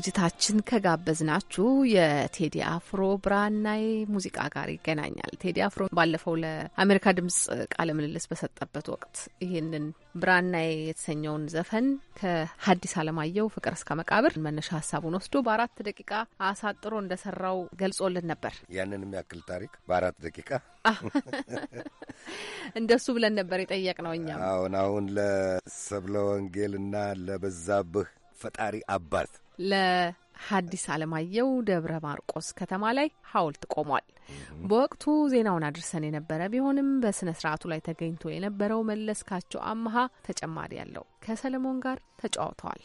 Speaker 3: ዝግጅታችን ከጋበዝናችሁ የቴዲ አፍሮ ብራናይ ሙዚቃ ጋር ይገናኛል። ቴዲ አፍሮ ባለፈው ለአሜሪካ ድምጽ ቃለ ምልልስ በሰጠበት ወቅት ይህንን ብራናይ የተሰኘውን ዘፈን ከሀዲስ አለማየሁ ፍቅር እስከ መቃብር መነሻ ሀሳቡን ወስዶ በአራት ደቂቃ አሳጥሮ እንደሰራው ገልጾልን ነበር።
Speaker 2: ያንን የሚያክል ታሪክ በአራት ደቂቃ
Speaker 3: እንደሱ ብለን ነበር የጠየቅ ነው። እኛም
Speaker 2: አሁን አሁን ለሰብለ ወንጌልና ለበዛብህ ፈጣሪ አባት
Speaker 3: ለሀዲስ አለማየሁ ደብረ ማርቆስ ከተማ ላይ ሐውልት ቆሟል። በወቅቱ ዜናውን አድርሰን የነበረ ቢሆንም በስነ ስርዓቱ ላይ ተገኝቶ የነበረው መለስካቸው አመሃ ተጨማሪ ያለው ከሰለሞን ጋር ተጫውተዋል።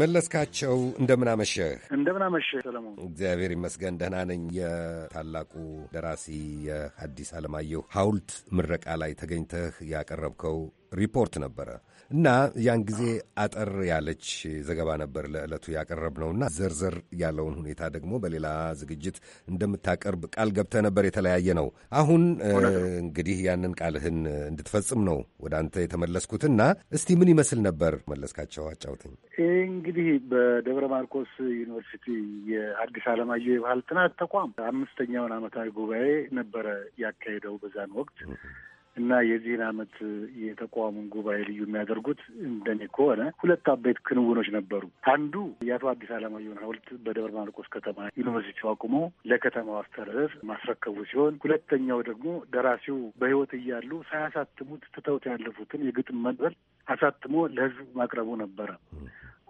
Speaker 2: መለስካቸው እንደምናመሸህ።
Speaker 13: እንደምናመሸህ ሰለሞን።
Speaker 2: እግዚአብሔር ይመስገን ደህና ነኝ። የታላቁ ደራሲ የሐዲስ ዓለማየሁ ሐውልት ምረቃ ላይ ተገኝተህ ያቀረብከው ሪፖርት ነበረ። እና ያን ጊዜ አጠር ያለች ዘገባ ነበር ለዕለቱ ያቀረብ እና ዘርዘር ያለውን ሁኔታ ደግሞ በሌላ ዝግጅት እንደምታቀርብ ቃል ገብተ ነበር። የተለያየ ነው። አሁን እንግዲህ ያንን ቃልህን እንድትፈጽም ነው ወደ አንተ የተመለስኩትና እስቲ ምን ይመስል ነበር መለስካቸው? አጫውትኝ።
Speaker 13: እንግዲህ በደብረ ማርቆስ ዩኒቨርሲቲ የአዲስ አለማየሁ የባህል ጥናት ተቋም አምስተኛውን ዓመታዊ ጉባኤ ነበረ ያካሄደው በዛን ወቅት እና የዚህን አመት የተቋሙን ጉባኤ ልዩ የሚያደርጉት እንደኔ ከሆነ ሁለት አበይት ክንውኖች ነበሩ። አንዱ የአቶ አዲስ አለማየሁን ሐውልት በደብረ ማርቆስ ከተማ ዩኒቨርሲቲ አቁሞ ለከተማው አስተዳደር ማስረከቡ ሲሆን፣ ሁለተኛው ደግሞ ደራሲው በህይወት እያሉ ሳያሳትሙት ትተውት ያለፉትን የግጥም መድበል አሳትሞ ለህዝብ ማቅረቡ ነበረ።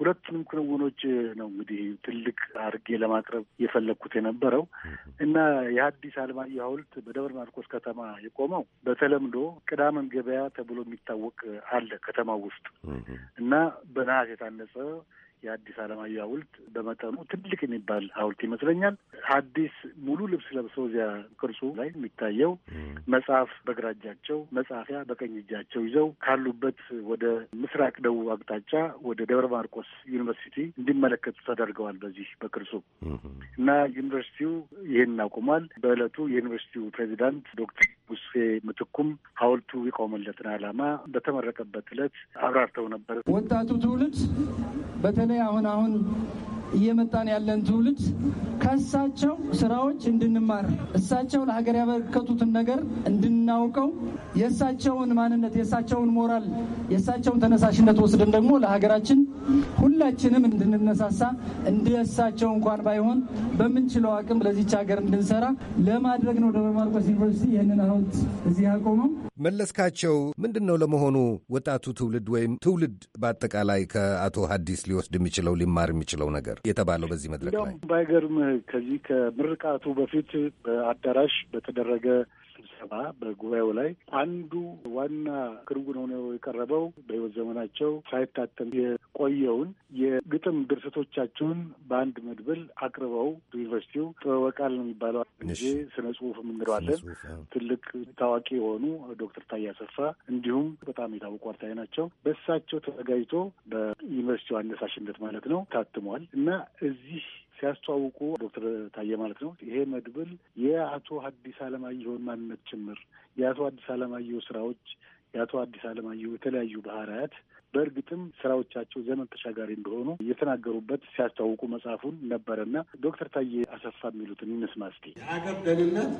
Speaker 13: ሁለቱንም ክንውኖች ነው እንግዲህ ትልቅ አድርጌ ለማቅረብ የፈለግኩት የነበረው እና የሀዲስ አለማየሁ ሐውልት በደብረ ማርቆስ ከተማ የቆመው በተለምዶ ቅዳመን ገበያ ተብሎ የሚታወቅ አለ ከተማ ውስጥ እና በነሐስ የታነጸ የአዲስ አለማየሁ ሐውልት በመጠኑ ትልቅ የሚባል ሐውልት ይመስለኛል። አዲስ ሙሉ ልብስ ለብሰው እዚያ ቅርሱ ላይ የሚታየው መጽሐፍ በግራ እጃቸው መጻፊያ በቀኝ እጃቸው ይዘው ካሉበት ወደ ምስራቅ ደቡብ አቅጣጫ ወደ ደብረ ማርቆስ ዩኒቨርሲቲ እንዲመለከቱ ተደርገዋል። በዚህ በቅርሱ እና ዩኒቨርሲቲው ይህን አቁሟል። በዕለቱ የዩኒቨርሲቲው ፕሬዚዳንት ዶክተር ውስፌ ምትኩም ሀውልቱ የቆመለትን ዓላማ በተመረቀበት ዕለት አብራርተው ነበር።
Speaker 9: ወጣቱ ትውልድ በተለይ አሁን አሁን እየመጣን ያለን ትውልድ ከእሳቸው ስራዎች እንድንማር እሳቸው ለሀገር ያበረከቱትን ነገር እንድናውቀው የእሳቸውን ማንነት፣ የእሳቸውን ሞራል፣ የእሳቸውን ተነሳሽነት ወስደን ደግሞ ለሀገራችን ሁላችንም እንድንነሳሳ እንደሳቸው እንኳን ባይሆን በምንችለው አቅም ለዚች ሀገር እንድንሰራ ለማድረግ ነው ደብረ ማርቆስ ዩኒቨርሲቲ ይህንን ሐውልት እዚህ ያቆመው።
Speaker 2: መለስካቸው፣ ምንድን ነው ለመሆኑ ወጣቱ ትውልድ ወይም ትውልድ በአጠቃላይ ከአቶ ሀዲስ ሊወስድ የሚችለው ሊማር የሚችለው ነገር? ነገር የተባለው በዚህ መድረክ
Speaker 13: ላይ ባይገርምህ ከዚህ ከምርቃቱ በፊት በአዳራሽ በተደረገ ከተማ በጉባኤው ላይ አንዱ ዋና ክንውን ሆነው የቀረበው በህይወት ዘመናቸው ሳይታተም የቆየውን የግጥም ድርሰቶቻቸውን በአንድ መድብል አቅርበው ዩኒቨርሲቲው ጥበበ ቃል ነው የሚባለው ጊዜ ስነ ጽሁፍ እንለዋለን። ትልቅ ታዋቂ የሆኑ ዶክተር ታዬ አሰፋ እንዲሁም በጣም የታወቁ አርታኢ ናቸው። በእሳቸው ተዘጋጅቶ በዩኒቨርሲቲው አነሳሽነት ማለት ነው ታትሟል
Speaker 9: እና እዚህ
Speaker 13: ሲያስተዋውቁ ዶክተር ታዬ ማለት ነው። ይሄ መድብል የአቶ ሀዲስ አለማየሁ ማንነት ጭምር የአቶ አዲስ አለማየሁ ስራዎች የአቶ አዲስ አለማየሁ የተለያዩ ባህርያት በእርግጥም ስራዎቻቸው ዘመን ተሻጋሪ እንደሆኑ እየተናገሩበት ሲያስታውቁ መጽሐፉን ነበረና ዶክተር ታዬ አሰፋ የሚሉትን እንስማ እስኪ።
Speaker 11: የሀገር ደህንነት፣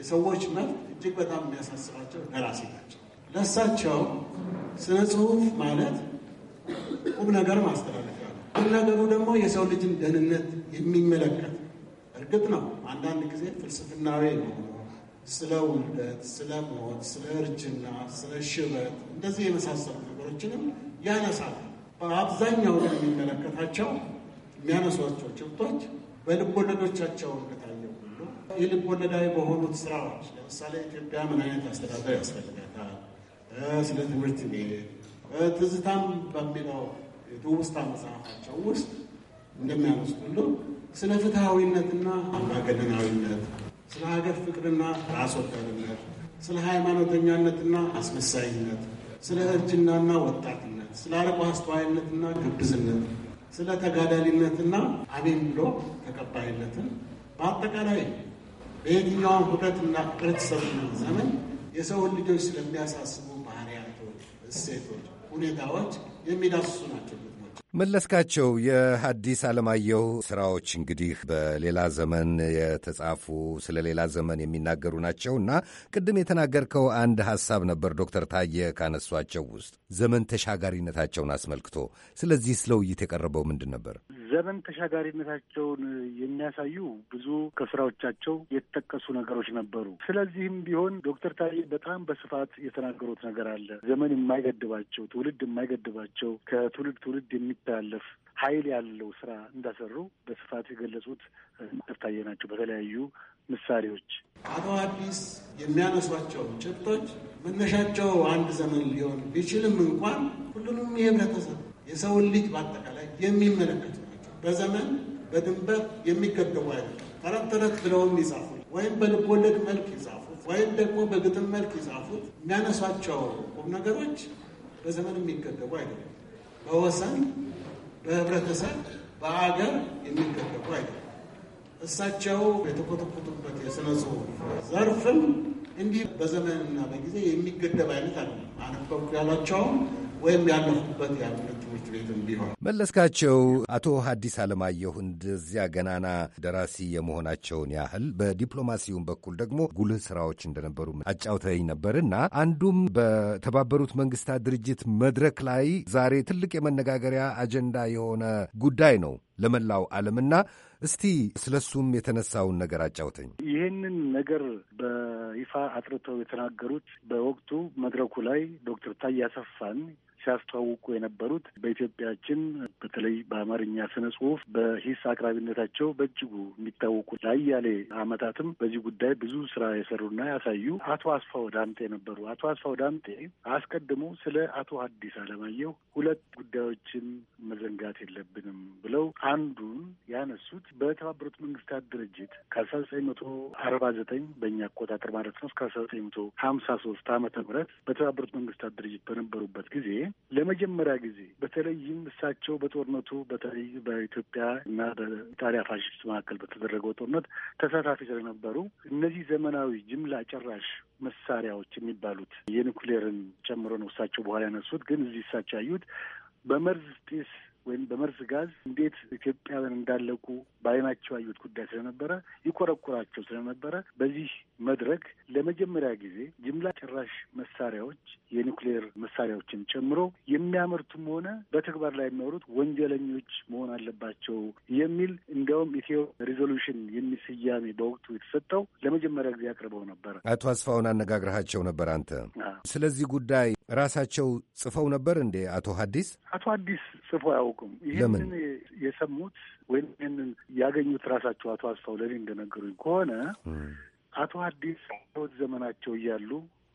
Speaker 11: የሰዎች መብት እጅግ በጣም የሚያሳስባቸው ደራሲ ናቸው። ለሳቸው ስነ ጽሁፍ ማለት ቁም ነገር ማስተላለፍ ነገሩ ደግሞ የሰው ልጅን ደህንነት የሚመለከት እርግጥ ነው አንዳንድ ጊዜ ፍልስፍናዊ ነው። ስለ ውልደት፣ ስለ ሞት፣ ስለ እርጅና፣ ስለ ሽበት እንደዚህ የመሳሰሉ ነገሮችንም ያነሳል። በአብዛኛው ግን የሚመለከታቸው የሚያነሷቸው ጭብጦች በልቦለዶቻቸው ከታየው ሁሉ የልቦለዳዊ በሆኑት ስራዎች ለምሳሌ ኢትዮጵያ ምን አይነት አስተዳደር ያስፈልጋታል፣ ስለ ትምህርት ቤት ትዝታም በሚለው የትውስታ መጽሐፋቸው ውስጥ እንደሚያነሱት ሁሉ ስለ ፍትሐዊነትና አምባገነናዊነት፣ ስለ ሀገር ፍቅርና ራስ ወዳድነት፣ ስለ ሃይማኖተኛነትና አስመሳይነት፣ ስለ እርጅናና ወጣትነት፣ ስለ አርቆ አስተዋይነትና ግብዝነት፣ ስለ ተጋዳሊነትና አቤን ብሎ ተቀባይነትን በአጠቃላይ በየትኛውም ህብረትና ህብረተሰብና ዘመን የሰውን ልጆች ስለሚያሳስቡ ባህሪያቶች፣ እሴቶች፣ ሁኔታዎች የሚዳስሱ ናቸው።
Speaker 2: መለስካቸው የሐዲስ ዓለማየሁ ስራዎች እንግዲህ በሌላ ዘመን የተጻፉ ስለ ሌላ ዘመን የሚናገሩ ናቸው እና ቅድም የተናገርከው አንድ ሐሳብ ነበር ዶክተር ታየ ካነሷቸው ውስጥ ዘመን ተሻጋሪነታቸውን አስመልክቶ። ስለዚህ ስለ ውይይት የቀረበው ምንድን ነበር?
Speaker 13: ዘመን ተሻጋሪነታቸውን የሚያሳዩ ብዙ ከስራዎቻቸው የተጠቀሱ ነገሮች ነበሩ። ስለዚህም ቢሆን ዶክተር ታዬ በጣም በስፋት የተናገሩት ነገር አለ። ዘመን የማይገድባቸው ትውልድ የማይገድባቸው ከትውልድ ትውልድ የሚ የሚተላለፍ ኃይል ያለው ስራ እንዳሰሩ በስፋት የገለጹት ታየ ናቸው። በተለያዩ ምሳሌዎች
Speaker 11: አቶ አዲስ የሚያነሷቸው ጭብጦች መነሻቸው አንድ ዘመን ሊሆን ቢችልም እንኳን ሁሉንም የህብረተሰብ የሰውን ልጅ በአጠቃላይ የሚመለከት ናቸው። በዘመን በድንበር የሚገደቡ አይደለም። ተረት ተረት ብለውም ይጻፉ ወይም በልቦለድ መልክ ይጻፉት ወይም ደግሞ በግጥም መልክ ይጻፉት። የሚያነሷቸው ቁም ነገሮች በዘመን የሚገደቡ አይደለም። በወሰን በህብረተሰብ በአገር የሚገደቡ አይደለም። እሳቸው የተኮተኮቱበት የስነጽሁፍ ዘርፍም እንዲህ በዘመንና በጊዜ የሚገደብ አይነት አለ። አነበብኩ ያሏቸውም ወይም ያለፍኩበት ያለ ትምህርት ቤትም ቢሆን
Speaker 2: መለስካቸው። አቶ ሀዲስ አለማየሁ እንደዚያ ገናና ደራሲ የመሆናቸውን ያህል በዲፕሎማሲውም በኩል ደግሞ ጉልህ ስራዎች እንደነበሩ አጫውተኝ ነበር እና አንዱም በተባበሩት መንግስታት ድርጅት መድረክ ላይ ዛሬ ትልቅ የመነጋገሪያ አጀንዳ የሆነ ጉዳይ ነው ለመላው ዓለምና እስቲ ስለሱም የተነሳውን ነገር አጫውተኝ።
Speaker 13: ይህንን ነገር በይፋ አጥርተው የተናገሩት በወቅቱ መድረኩ ላይ ዶክተር ታዬ አሰፋን ሲያስተዋውቁ የነበሩት በኢትዮጵያችን በተለይ በአማርኛ ስነ ጽሁፍ በሂስ አቅራቢነታቸው በእጅጉ የሚታወቁ ለአያሌ አመታትም በዚህ ጉዳይ ብዙ ስራ የሰሩና ያሳዩ አቶ አስፋው ዳምጤ ነበሩ። አቶ አስፋው ዳምጤ አስቀድሞ ስለ አቶ ሐዲስ አለማየሁ ሁለት ጉዳዮችን መዘንጋት የለብንም ብለው አንዱን ያነሱት በተባበሩት መንግስታት ድርጅት ከአስራ ዘጠኝ መቶ አርባ ዘጠኝ በእኛ አቆጣጠር ማለት ነው እስከ አስራ ዘጠኝ መቶ ሀምሳ ሶስት አመተ ምህረት በተባበሩት መንግስታት ድርጅት በነበሩበት ጊዜ ለመጀመሪያ ጊዜ በተለይም እሳቸው በጦርነቱ በተለይ በኢትዮጵያ እና በኢጣሊያ ፋሽስት መካከል በተደረገው ጦርነት ተሳታፊ ስለነበሩ እነዚህ ዘመናዊ ጅምላ ጨራሽ መሳሪያዎች የሚባሉት የኒኩሌርን ጨምሮ ነው እሳቸው በኋላ ያነሱት። ግን እዚህ እሳቸው ያዩት በመርዝ ጢስ ወይም በመርዝ ጋዝ እንዴት ኢትዮጵያውያን እንዳለቁ በአይናቸው ያዩት ጉዳይ ስለነበረ ይኮረኩራቸው ስለነበረ በዚህ መድረክ ለመጀመሪያ ጊዜ ጅምላ ጨራሽ መሳሪያዎች የኒውክሌር መሳሪያዎችን ጨምሮ የሚያመርቱም ሆነ በተግባር ላይ የሚያወሩት ወንጀለኞች መሆን አለባቸው የሚል እንዲያውም ኢትዮ ሪዞሉሽን የሚል ስያሜ በወቅቱ የተሰጠው ለመጀመሪያ ጊዜ አቅርበው ነበር።
Speaker 2: አቶ አስፋውን አነጋግረሃቸው ነበር አንተ። ስለዚህ ጉዳይ ራሳቸው ጽፈው ነበር እንዴ? አቶ ሀዲስ
Speaker 13: አቶ ሀዲስ ጽፎ አያውቁም ይህንን የሰሙት ወይም ይህንን ያገኙት ራሳቸው አቶ አስፋው ለኔ እንደነገሩኝ ከሆነ አቶ ሀዲስ ዘመናቸው እያሉ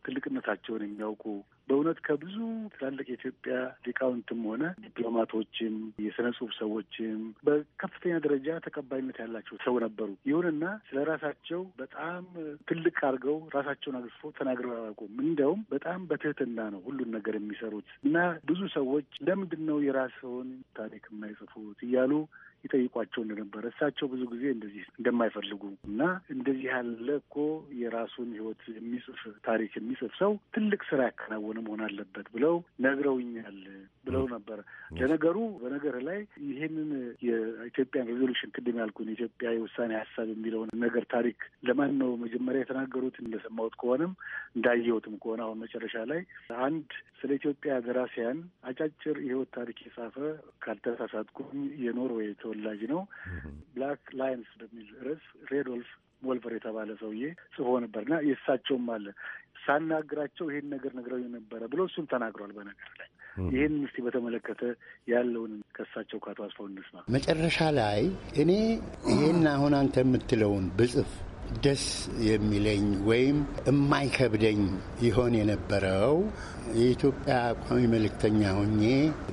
Speaker 13: ትልቅነታቸውን የሚያውቁ በእውነት ከብዙ ትላልቅ የኢትዮጵያ ሊቃውንትም ሆነ ዲፕሎማቶችም የስነ ጽሁፍ ሰዎችም በከፍተኛ ደረጃ ተቀባይነት ያላቸው ሰው ነበሩ። ይሁንና ስለ ራሳቸው በጣም ትልቅ አድርገው ራሳቸውን አግዝፎ ተናግረው አያውቁም። እንደውም በጣም በትህትና ነው ሁሉን ነገር የሚሰሩት እና ብዙ ሰዎች ለምንድን ነው የራስዎን ታሪክ የማይጽፉት እያሉ ይጠይቋቸው እንደነበረ እሳቸው ብዙ ጊዜ እንደዚህ እንደማይፈልጉ እና እንደዚህ ያለ እኮ የራሱን ህይወት የሚጽፍ ታሪክ የሚጽፍ ሰው ትልቅ ስራ ያከናወነ የሆነ መሆን አለበት ብለው ነግረውኛል ብለው ነበረ። ለነገሩ በነገር ላይ ይሄንን የኢትዮጵያን ሬዞሉሽን ቅድም ያልኩን የኢትዮጵያ የውሳኔ ሀሳብ የሚለውን ነገር ታሪክ ለማን ነው መጀመሪያ የተናገሩት? እንደሰማሁት ከሆነም እንዳየሁትም ከሆነ አሁን መጨረሻ ላይ አንድ ስለ ኢትዮጵያ ደራሲያን አጫጭር የህይወት ታሪክ የጻፈ ካልተሳሳትኩም የኖርዌይ ተወላጅ ነው። ብላክ ላይንስ በሚል ርዕስ ሬዶልፍ ሞልቨር የተባለ ሰውዬ ጽፎ ነበር እና የእሳቸውም አለ ሳናግራቸው ይሄን ነገር ነግረው የነበረ ብሎ እሱም ተናግሯል። በነገር ላይ ይህን እስቲ በተመለከተ ያለውን ከሳቸው ከአቶ አስፋው እንስማ።
Speaker 10: መጨረሻ ላይ እኔ ይህን አሁን አንተ የምትለውን ብጽፍ ደስ የሚለኝ ወይም የማይከብደኝ ይሆን የነበረው የኢትዮጵያ ቋሚ መልእክተኛ ሆኜ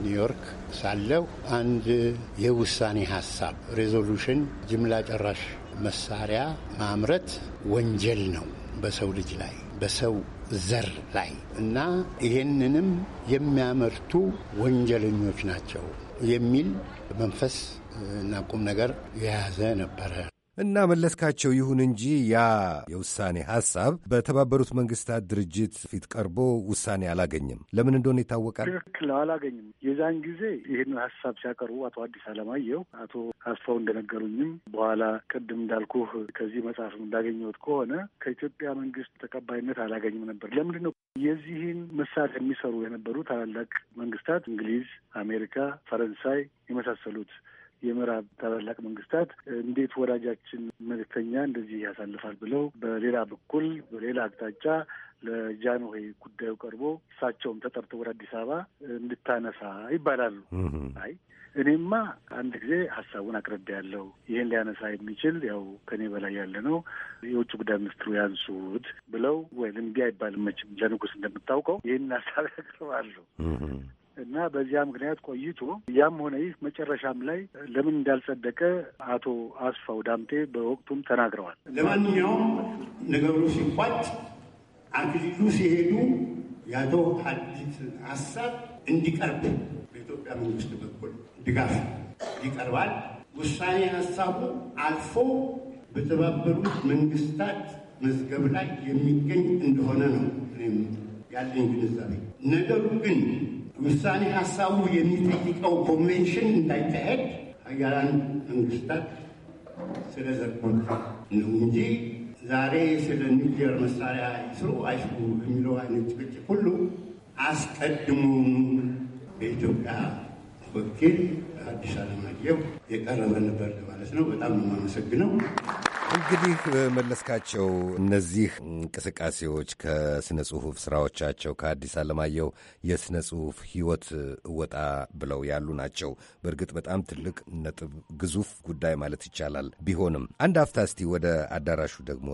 Speaker 10: ኒውዮርክ ሳለሁ አንድ የውሳኔ ሀሳብ ሬዞሉሽን ጅምላ ጨራሽ መሳሪያ ማምረት ወንጀል ነው በሰው ልጅ ላይ በሰው ዘር ላይ እና ይህንንም የሚያመርቱ ወንጀለኞች ናቸው የሚል መንፈስ እና ቁም ነገር የያዘ
Speaker 2: ነበረ። እና መለስካቸው። ይሁን እንጂ ያ የውሳኔ ሐሳብ በተባበሩት መንግስታት ድርጅት ፊት ቀርቦ ውሳኔ አላገኝም። ለምን እንደሆነ ይታወቃል።
Speaker 13: ትክክል አላገኝም። የዛን ጊዜ ይህን ሐሳብ ሲያቀርቡ አቶ አዲስ አለማየሁ፣ አቶ አስፋው እንደነገሩኝም በኋላ ቅድም እንዳልኩህ ከዚህ መጽሐፍ እንዳገኘሁት ከሆነ ከኢትዮጵያ መንግስት ተቀባይነት አላገኝም ነበር። ለምንድን ነው የዚህን መሳሪያ የሚሰሩ የነበሩ ታላላቅ መንግስታት እንግሊዝ፣ አሜሪካ፣ ፈረንሳይ የመሳሰሉት የምዕራብ ታላላቅ መንግስታት እንዴት ወዳጃችን መልክተኛ እንደዚህ ያሳልፋል ብለው በሌላ በኩል በሌላ አቅጣጫ ለጃንሆይ ጉዳዩ ቀርቦ እሳቸውም ተጠርተው ወደ አዲስ አበባ እንድታነሳ ይባላሉ። አይ እኔማ አንድ ጊዜ ሀሳቡን አቅረብ ያለው ይህን ሊያነሳ የሚችል ያው ከኔ በላይ ያለ ነው፣ የውጭ ጉዳይ ሚኒስትሩ ያንሱት ብለው ወይ ልምቢ አይባልም መቼም ለንጉስ እንደምታውቀው ይህን ሀሳብ ያቅርባሉ። እና በዚያ ምክንያት ቆይቶ ያም ሆነ ይህ መጨረሻም ላይ ለምን እንዳልጸደቀ አቶ አስፋው ዳምቴ በወቅቱም ተናግረዋል።
Speaker 10: ለማንኛውም ነገሩ ሲቋጭ አክሊሉ ሲሄዱ የአቶ ሀዲት ሀሳብ እንዲቀርብ በኢትዮጵያ መንግስት በኩል ድጋፍ ይቀርባል። ውሳኔ ሀሳቡ አልፎ በተባበሩት መንግስታት መዝገብ ላይ የሚገኝ እንደሆነ ነው ያለኝ ግንዛቤ። ነገሩ ግን ውሳኔ ሀሳቡ የሚጠይቀው ኮንቬንሽን እንዳይካሄድ ሀያላን መንግስታት ስለዘጉት ነው እንጂ ዛሬ ስለ ኒውክሌር መሳሪያ ይስሩ አይስሩ የሚለው አይነት ጭቅጭቅ ሁሉ አስቀድሞውኑ በኢትዮጵያ ወኪል አዲስ አለማየሁ የቀረበ ነበር ማለት ነው። በጣም ነው
Speaker 2: የማመሰግነው። እንግዲህ መለስካቸው፣ እነዚህ እንቅስቃሴዎች ከስነ ጽሁፍ ስራዎቻቸው ከአዲስ አለማየሁ የስነ ጽሁፍ ህይወት እወጣ ብለው ያሉ ናቸው። በእርግጥ በጣም ትልቅ ነጥብ፣ ግዙፍ ጉዳይ ማለት ይቻላል። ቢሆንም አንድ አፍታ እስቲ ወደ አዳራሹ ደግሞ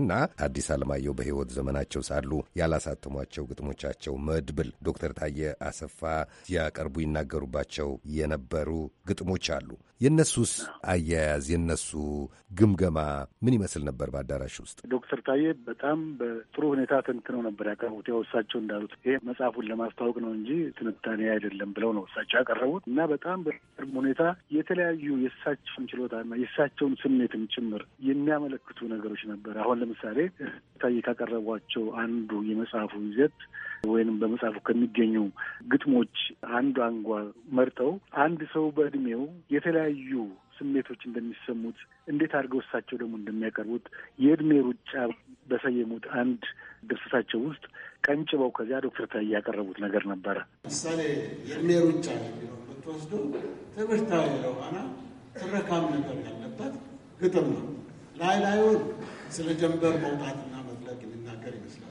Speaker 2: እና አዲስ አለማየሁ በህይወት ዘመናቸው ሳሉ ያላሳተሟቸው ግጥሞቻቸው መድብል ዶክተር ታየ አሰፋ ያቀርቡ ይናገሩባቸው የነበሩ ግጥሞች አሉ። የእነሱስ አያያዝ የእነሱ ግምገማ ምን ይመስል ነበር? በአዳራሽ ውስጥ
Speaker 13: ዶክተር ታዬ በጣም በጥሩ ሁኔታ ተንትነው ነበር ያቀረቡት። ያው እሳቸው እንዳሉት ይሄ መጽሐፉን ለማስተዋወቅ ነው እንጂ ትንታኔ አይደለም ብለው ነው እሳቸው ያቀረቡት እና በጣም በቅርብ ሁኔታ የተለያዩ የእሳቸውን ችሎታና የእሳቸውን ስሜትም ጭምር የሚያመለክቱ ነገሮች ነበር። አሁን ለምሳሌ ታዬ ካቀረቧቸው አንዱ የመጽሐፉ ይዘት ወይንም በመጽሐፉ ከሚገኙ ግጥሞች አንዱ አንጓ መርጠው አንድ ሰው በእድሜው የተለያዩ ስሜቶች እንደሚሰሙት እንዴት አድርገው እሳቸው ደግሞ እንደሚያቀርቡት የእድሜ ሩጫ በሰየሙት አንድ ድርሰታቸው ውስጥ ቀንጭበው ከዚያ ዶክተር ታዬ ያቀረቡት ነገር ነበረ።
Speaker 11: ምሳሌ የእድሜ ሩጫ የሚለው ብትወስዱ ትምህርታዊ ለዋና ትረካም ነገር ያለበት ግጥም ነው። ላይ ላዩን ስለ ጀንበር መውጣትና መጥለቅ የሚናገር ይመስላል።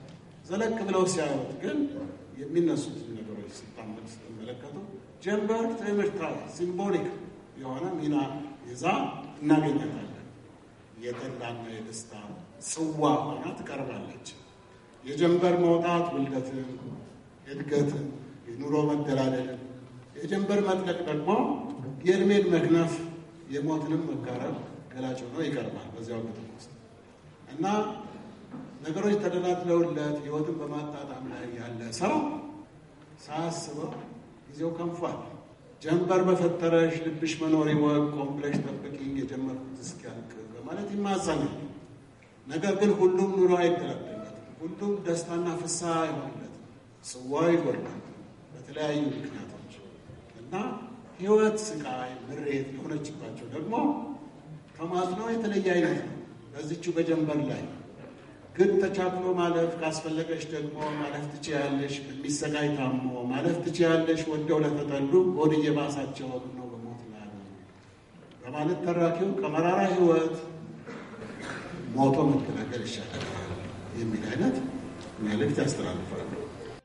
Speaker 11: ዘለቅ ብለው ሲያዩት ግን የሚነሱት ነገሮች ሲታመድ ስትመለከቱ ጀንበር ትምህርታዊ ሲምቦሊክ የሆነ ሚና ይዛ እናገኘታለን። የተላና የደስታ ጽዋ ሆና ትቀርባለች። የጀንበር መውጣት ውልደትን፣ እድገትን፣ የኑሮ መደላደልን፣ የጀንበር መጥለቅ ደግሞ የእድሜን መክነፍ የሞትንም መጋረብ ገላጭ ሆኖ ይቀርባል በዚያው ውስጥ እና ነገሮች ተደላትለውለት ህይወትን በማጣጣም ላይ ያለ ሰው ሳያስበው ጊዜው ከንፏል። ጀንበር በፈጠረሽ ልብሽ መኖር ይወቅ፣ ኮምፕሌክስ ጠብቅኝ የጀመርኩት እስኪያልቅ በማለት ይማጸናል። ነገር ግን ሁሉም ኑሮ አይደላደለትም። ሁሉም ደስታና ፍሳ አይሆንለትም። ጽዋ ይጎላል በተለያዩ ምክንያቶች እና ህይወት ስቃይ፣ ምሬት የሆነችባቸው ደግሞ ከማዝነው የተለየ አይነት ነው በዚቹ በጀንበር ላይ ግን ተቻክሎ ማለፍ ካስፈለገች ደግሞ ማለፍ ትችያለሽ። የሚሰቃይ ታሞ ማለፍ ትችያለሽ። ወደው ለተጠሉ ሆድ እየባሳቸው ነው በሞት ላለ በማለት ተራኪው ከመራራ ህይወት ሞቶ መገላገል ይሻላል የሚል አይነት መልእክት ያስተላልፋሉ።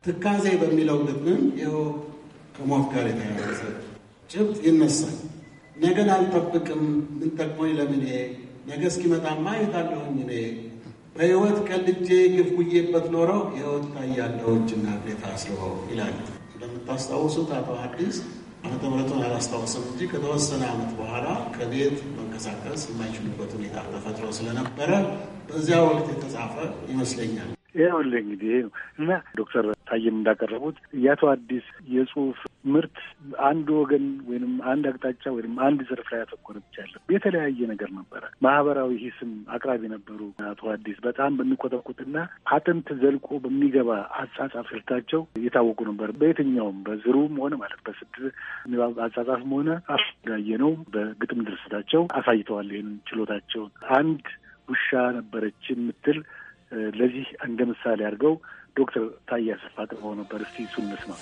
Speaker 11: ትካዜ በሚለው ግጥምም ይኸው ከሞት ጋር የተያያዘ ጭብጥ ይነሳል። ነገን አልጠብቅም፣ ምን ጠቅሞኝ ለምኔ፣ ነገ እስኪመጣማ የታለሁኝ እኔ በሕይወት ቀልጄ ግፍጉዬበት ኖረው የሕይወት ያለው እጅና ቤት አስርበው ይላል። እንደምታስታውሱት አቶ ሐዲስ ዓመተ ምሕረቱን አላስታውስም እንጂ ከተወሰነ ዓመት በኋላ ከቤት መንቀሳቀስ የማይችሉበት ሁኔታ ተፈጥሮ ስለነበረ በዚያ ወቅት የተጻፈ ይመስለኛል።
Speaker 13: ይኸውልህ እንግዲህ ይሄ ነው እና ዶክተር ታየም እንዳቀረቡት የአቶ አዲስ የጽሁፍ ምርት አንድ ወገን ወይም አንድ አቅጣጫ ወይም አንድ ዘርፍ ላይ ያተኮረ ብቻ ያለ የተለያየ ነገር ነበረ። ማህበራዊ ሂስም አቅራቢ ነበሩ አቶ አዲስ በጣም በሚቆጠቁጥና አጥንት ዘልቆ በሚገባ አጻጻፍ ስልታቸው እየታወቁ ነበር። በየትኛውም በዝሩም ሆነ ማለት በስድ ንባብ አጻጻፍም ሆነ አስጋየ ነው በግጥም ድርስታቸው አሳይተዋል ይህን ችሎታቸውን አንድ ውሻ ነበረች የምትል ለዚህ እንደ ምሳሌ አድርገው ዶክተር ታዬ አሰፋ አቅርበው ነበር። እስቲ እሱን እንስማ።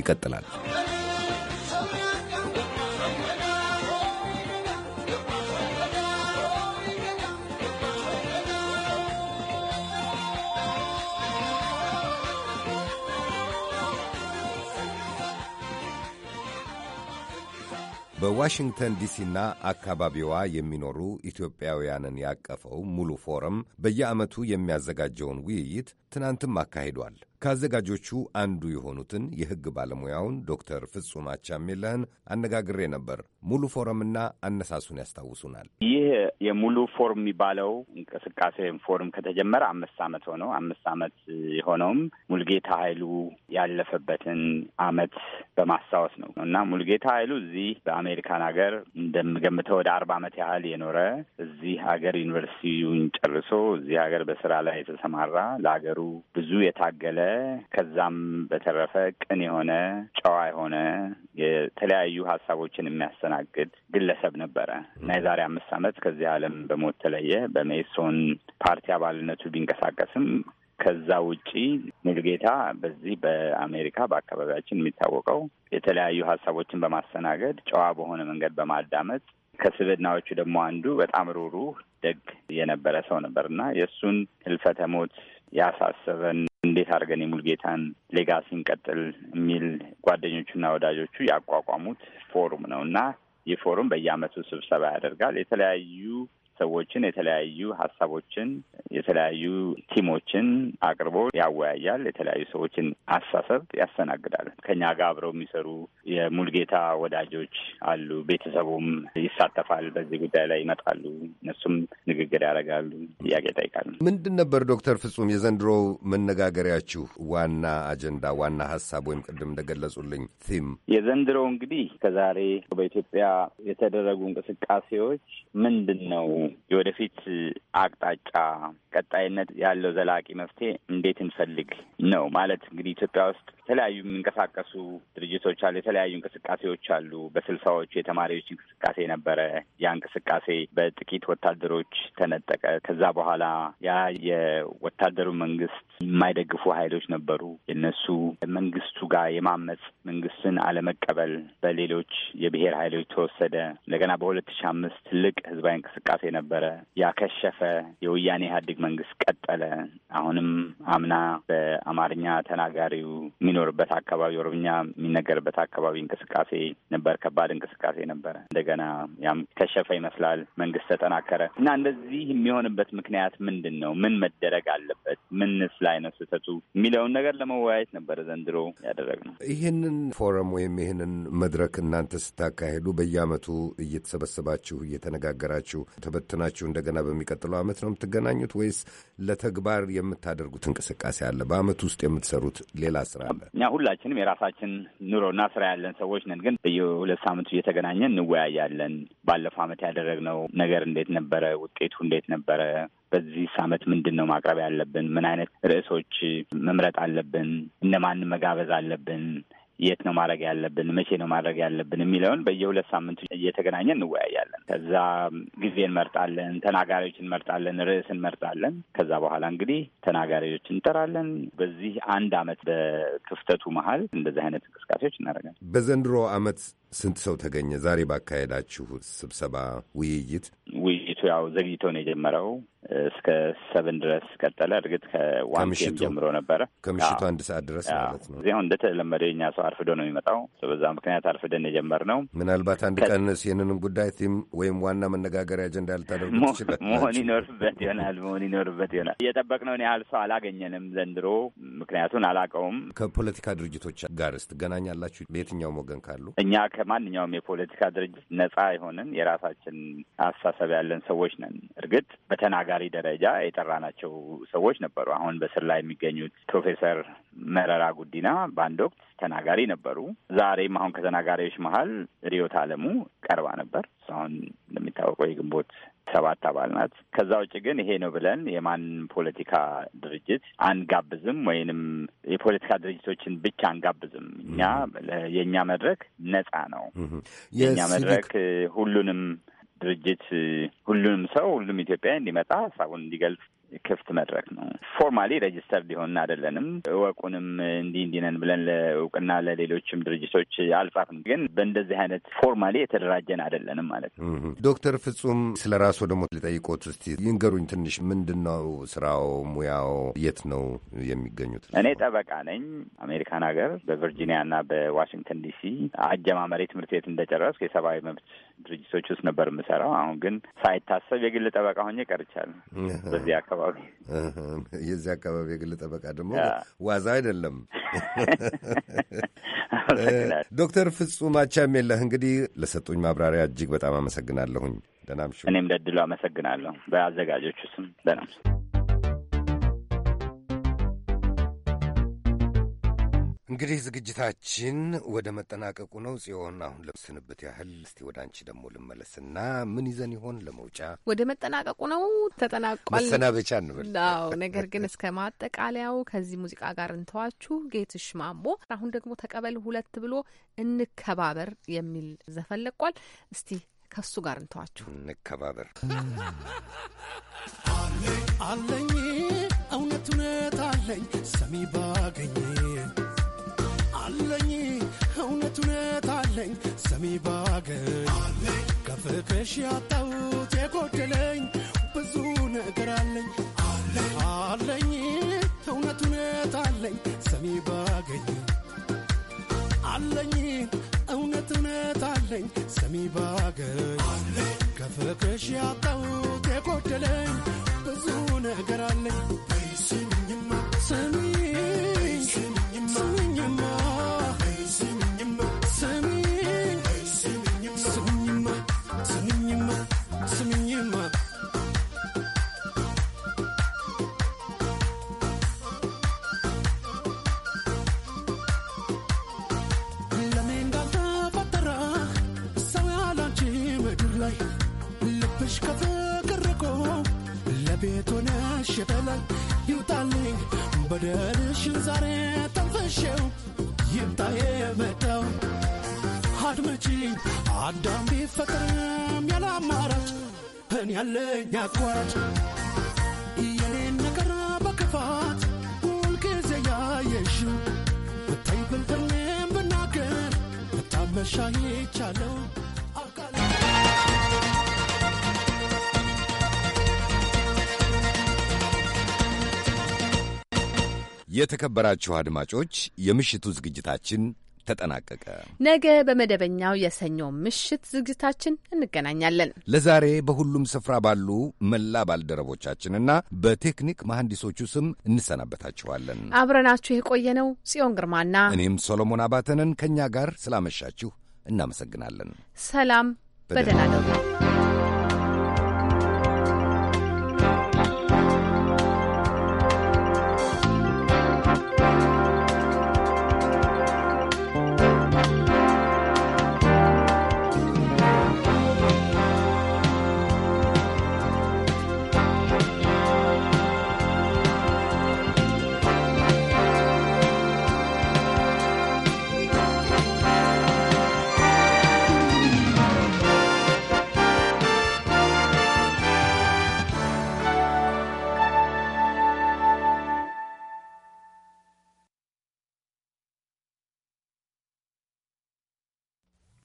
Speaker 2: ይቀጥላል። በዋሽንግተን ዲሲና አካባቢዋ የሚኖሩ ኢትዮጵያውያንን ያቀፈው ሙሉ ፎረም በየዓመቱ የሚያዘጋጀውን ውይይት ትናንትም አካሂዷል። ከአዘጋጆቹ አንዱ የሆኑትን የሕግ ባለሙያውን ዶክተር ፍጹም አቻሜለህን አነጋግሬ ነበር። ሙሉ ፎረምና አነሳሱን ያስታውሱናል።
Speaker 12: ይህ የሙሉ ፎርም የሚባለው እንቅስቃሴ ወይም ፎርም ከተጀመረ አምስት ዓመት ሆነው አምስት ዓመት የሆነውም ሙልጌታ ኃይሉ ያለፈበትን ዓመት በማስታወስ ነው እና ሙልጌታ ኃይሉ እዚህ በአሜሪካን ሀገር እንደምገምተው ወደ አርባ ዓመት ያህል የኖረ እዚህ ሀገር ዩኒቨርሲቲውን ጨርሶ እዚህ ሀገር በስራ ላይ የተሰማራ ለሀገሩ ብዙ የታገለ ከዛም በተረፈ ቅን የሆነ ጨዋ የሆነ የተለያዩ ሀሳቦችን የሚያሰና የሚያስተናግድ ግለሰብ ነበረ እና የዛሬ አምስት ዓመት ከዚህ ዓለም በሞት ተለየ። በሜሶን ፓርቲ አባልነቱ ቢንቀሳቀስም ከዛ ውጪ ሙሉጌታ በዚህ በአሜሪካ በአካባቢያችን የሚታወቀው የተለያዩ ሀሳቦችን በማስተናገድ ጨዋ በሆነ መንገድ በማዳመጥ ከስብዕናዎቹ ደግሞ አንዱ በጣም ሩሩህ ደግ የነበረ ሰው ነበር እና የእሱን ህልፈተ ሞት ያሳሰበን እንዴት አድርገን የሙልጌታን ሌጋሲ እንቀጥል የሚል ጓደኞቹና ወዳጆቹ ያቋቋሙት ፎሩም ነው እና ይህ ፎረም በየአመቱ ስብሰባ ያደርጋል። የተለያዩ ሰዎችን የተለያዩ ሀሳቦችን የተለያዩ ቲሞችን አቅርቦ ያወያያል። የተለያዩ ሰዎችን አሳሰብ ያስተናግዳል። ከኛ ጋር አብረው የሚሰሩ የሙልጌታ ወዳጆች አሉ። ቤተሰቡም ይሳተፋል። በዚህ ጉዳይ ላይ ይመጣሉ። እነሱም ንግግር ያደርጋሉ፣ ጥያቄ
Speaker 2: ይጠይቃሉ። ምንድን ነበር ዶክተር ፍጹም የዘንድሮው መነጋገሪያችሁ ዋና አጀንዳ ዋና ሀሳብ ወይም ቅድም እንደገለጹልኝ ቲም
Speaker 12: የዘንድሮው እንግዲህ ከዛሬ በኢትዮጵያ የተደረጉ እንቅስቃሴዎች ምንድን ነው የወደፊት አቅጣጫ ቀጣይነት ያለው ዘላቂ መፍትሄ እንዴት እንፈልግ ነው ማለት እንግዲህ ኢትዮጵያ ውስጥ የተለያዩ የሚንቀሳቀሱ ድርጅቶች አሉ። የተለያዩ እንቅስቃሴዎች አሉ። በስልሳዎቹ የተማሪዎች እንቅስቃሴ ነበረ። ያ እንቅስቃሴ በጥቂት ወታደሮች ተነጠቀ። ከዛ በኋላ ያ የወታደሩ መንግስት የማይደግፉ ኃይሎች ነበሩ። የነሱ መንግስቱ ጋር የማመፅ መንግስትን አለመቀበል በሌሎች የብሔር ኃይሎች ተወሰደ። እንደገና በሁለት ሺህ አምስት ትልቅ ህዝባዊ እንቅስቃሴ ነበረ ያከሸፈ የወያኔ ኢህአዴግ መንግስት ቀጠለ። አሁንም አምና በአማርኛ ተናጋሪው የሚኖርበት አካባቢ ኦሮምኛ የሚነገርበት አካባቢ እንቅስቃሴ ነበር፣ ከባድ እንቅስቃሴ ነበረ። እንደገና ያም ከሸፈ ይመስላል መንግስት ተጠናከረ እና እንደዚህ የሚሆንበት ምክንያት ምንድን ነው? ምን መደረግ አለበት? ምንስ ላይ ነው ስህተቱ የሚለውን ነገር ለመወያየት ነበረ ዘንድሮ
Speaker 2: ያደረግነው። ይህንን ፎረም ወይም ይህንን መድረክ እናንተ ስታካሄዱ በየአመቱ እየተሰበሰባችሁ እየተነጋገራችሁ ተፈትናችሁ እንደገና በሚቀጥለው ዓመት ነው የምትገናኙት ወይስ ለተግባር የምታደርጉት እንቅስቃሴ አለ? በዓመት ውስጥ የምትሰሩት ሌላ ስራ አለ?
Speaker 1: እኛ
Speaker 12: ሁላችንም የራሳችን ኑሮና ስራ ያለን ሰዎች ነን። ግን በየሁለት ሳምንቱ እየተገናኘን እንወያያለን። ባለፈው ዓመት ያደረግነው ነገር እንዴት ነበረ? ውጤቱ እንዴት ነበረ? በዚህ ዓመት ምንድን ነው ማቅረብ ያለብን? ምን አይነት ርዕሶች መምረጥ አለብን? እነማንን መጋበዝ አለብን? የት ነው ማድረግ ያለብን፣ መቼ ነው ማድረግ ያለብን የሚለውን በየሁለት ሳምንቱ እየተገናኘ እንወያያለን። ከዛ ጊዜ እንመርጣለን፣ ተናጋሪዎች እንመርጣለን፣ ርዕስ እንመርጣለን። ከዛ በኋላ እንግዲህ ተናጋሪዎች እንጠራለን። በዚህ አንድ አመት በክፍተቱ መሀል እንደዚህ አይነት እንቅስቃሴዎች እናደርጋለን።
Speaker 2: በዘንድሮ አመት ስንት ሰው ተገኘ? ዛሬ ባካሄዳችሁ ስብሰባ ውይይት? ውይይቱ ያው ዘግይቶ ነው የጀመረው። እስከ
Speaker 12: ሰብን ድረስ ቀጠለ። እርግጥ ከዋን ጀምሮ ነበረ ከምሽቱ አንድ ሰዓት ድረስ ማለት ነው። እዚያው እንደተለመደ የኛ ሰው አርፍዶ ነው የሚመጣው። በዛ ምክንያት አርፍደን የጀመርነው
Speaker 2: ምናልባት አንድ ቀን ይህንንም ጉዳይ ቲም ወይም ዋና መነጋገሪያ አጀንዳ ልታደርጉ ትችላል። መሆን ይኖርበት
Speaker 12: ይሆናል መሆን
Speaker 2: ይኖርበት ይሆናል።
Speaker 12: እየጠበቅነውን ያህል ሰው አላገኘንም ዘንድሮ። ምክንያቱን አላውቀውም።
Speaker 2: ከፖለቲካ ድርጅቶች ጋር ስትገናኛላችሁ በየትኛውም ወገን ካሉ እኛ
Speaker 12: ከማንኛውም የፖለቲካ ድርጅት ነጻ የሆንን የራሳችን አስተሳሰብ ያለን ሰዎች ነን። እርግጥ በተናጋሪ ደረጃ የጠራናቸው ሰዎች ነበሩ። አሁን በስር ላይ የሚገኙት ፕሮፌሰር መረራ ጉዲና በአንድ ወቅት ተናጋሪ ነበሩ። ዛሬም አሁን ከተናጋሪዎች መሀል ሪዮት አለሙ ቀርባ ነበር። አሁን እንደሚታወቀው የግንቦት ሰባት አባል ናት። ከዛ ውጭ ግን ይሄ ነው ብለን የማን ፖለቲካ ድርጅት አንጋብዝም፣ ወይንም የፖለቲካ ድርጅቶችን ብቻ አንጋብዝም። እኛ የእኛ መድረክ ነጻ ነው።
Speaker 1: የእኛ መድረክ
Speaker 12: ሁሉንም ድርጅት ሁሉንም ሰው ሁሉም ኢትዮጵያ እንዲመጣ ሀሳቡን እንዲገልጽ ክፍት መድረክ ነው። ፎርማሊ ሬጅስተር ሊሆን አይደለንም። እወቁንም እንዲህ እንዲህ ነን ብለን ለእውቅና ለሌሎችም ድርጅቶች አልጻፍም፣ ግን በእንደዚህ አይነት ፎርማሊ የተደራጀን አይደለንም ማለት
Speaker 2: ነው። ዶክተር ፍጹም ስለ ራሱ ደግሞ ሊጠይቆት እስቲ ይንገሩኝ ትንሽ። ምንድን ነው ስራው፣ ሙያው፣ የት ነው የሚገኙት? እኔ
Speaker 12: ጠበቃ ነኝ። አሜሪካን ሀገር በቨርጂኒያ እና በዋሽንግተን ዲሲ አጀማመሪ ትምህርት ቤት እንደጨረስኩ የሰብአዊ መብት ድርጅቶች ውስጥ ነበር የምሰራው። አሁን ግን ሳይታሰብ የግል ጠበቃ ሆኜ ቀርቻለሁ። በዚህ አካባቢ
Speaker 2: የዚህ አካባቢ የግል ጠበቃ ደግሞ ዋዛ አይደለም። ዶክተር ፍጹም የለህ እንግዲህ ለሰጡኝ ማብራሪያ እጅግ በጣም አመሰግናለሁኝ። ደህና
Speaker 12: እኔም ለድሉ አመሰግናለሁ። በአዘጋጆቹ ስም ደህና
Speaker 2: እንግዲህ ዝግጅታችን ወደ መጠናቀቁ ነው። ጽዮን፣ አሁን ለስንብት ያህል እስቲ ወደ አንቺ ደግሞ ልመለስና ምን ይዘን ይሆን ለመውጫ?
Speaker 3: ወደ መጠናቀቁ ነው፣ ተጠናቋል፣ መሰናበቻ እንበል። አዎ፣ ነገር ግን እስከ ማጠቃለያው ከዚህ ሙዚቃ ጋር እንተዋችሁ። ጌትሽ ማሞ አሁን ደግሞ ተቀበል ሁለት ብሎ እንከባበር የሚል ዘፈን ለቋል። እስቲ ከሱ ጋር እንተዋችሁ፣ እንከባበር አለኝ
Speaker 14: አለኝ እውነት እውነት አለኝ ሰሚ ባገኘ እውነት አለኝ ሰሚ ባገኝ ከፍቅሽ ያጣሁት የጎደለኝ ብዙ ነገር አለኝ አለኝ እውነት እውነት አለኝ ሰሚ ባገኝ አለኝ እውነት እውነት አለኝ ሰሚ ባገኝ ከፍቅሽ ያጣሁት የጎደለኝ ብዙ ነገር አለኝ ስሚ ይሸጠናል ይውጣልኝ በደልሽን ዛሬ ተንፈሸው ይምጣ የመጣው አድመጪኝ አዳም ቢፈጥርም ያለ አማራጭ እኔ ያለኝ አቋራጭ የኔን ነገር በክፋት ሁልጊዜ ያየሽው ብታይ ብንትርኔም ብናገር ብታመሻ ይቻለው
Speaker 2: የተከበራችሁ አድማጮች የምሽቱ ዝግጅታችን ተጠናቀቀ።
Speaker 3: ነገ በመደበኛው የሰኞ ምሽት ዝግጅታችን እንገናኛለን።
Speaker 2: ለዛሬ በሁሉም ስፍራ ባሉ መላ ባልደረቦቻችንና በቴክኒክ መሐንዲሶቹ ስም እንሰናበታችኋለን።
Speaker 3: አብረናችሁ የቆየነው ጽዮን ግርማና
Speaker 2: እኔም ሶሎሞን አባተንን ከእኛ ጋር ስላመሻችሁ እናመሰግናለን።
Speaker 3: ሰላም፣ በደህና ደሩ።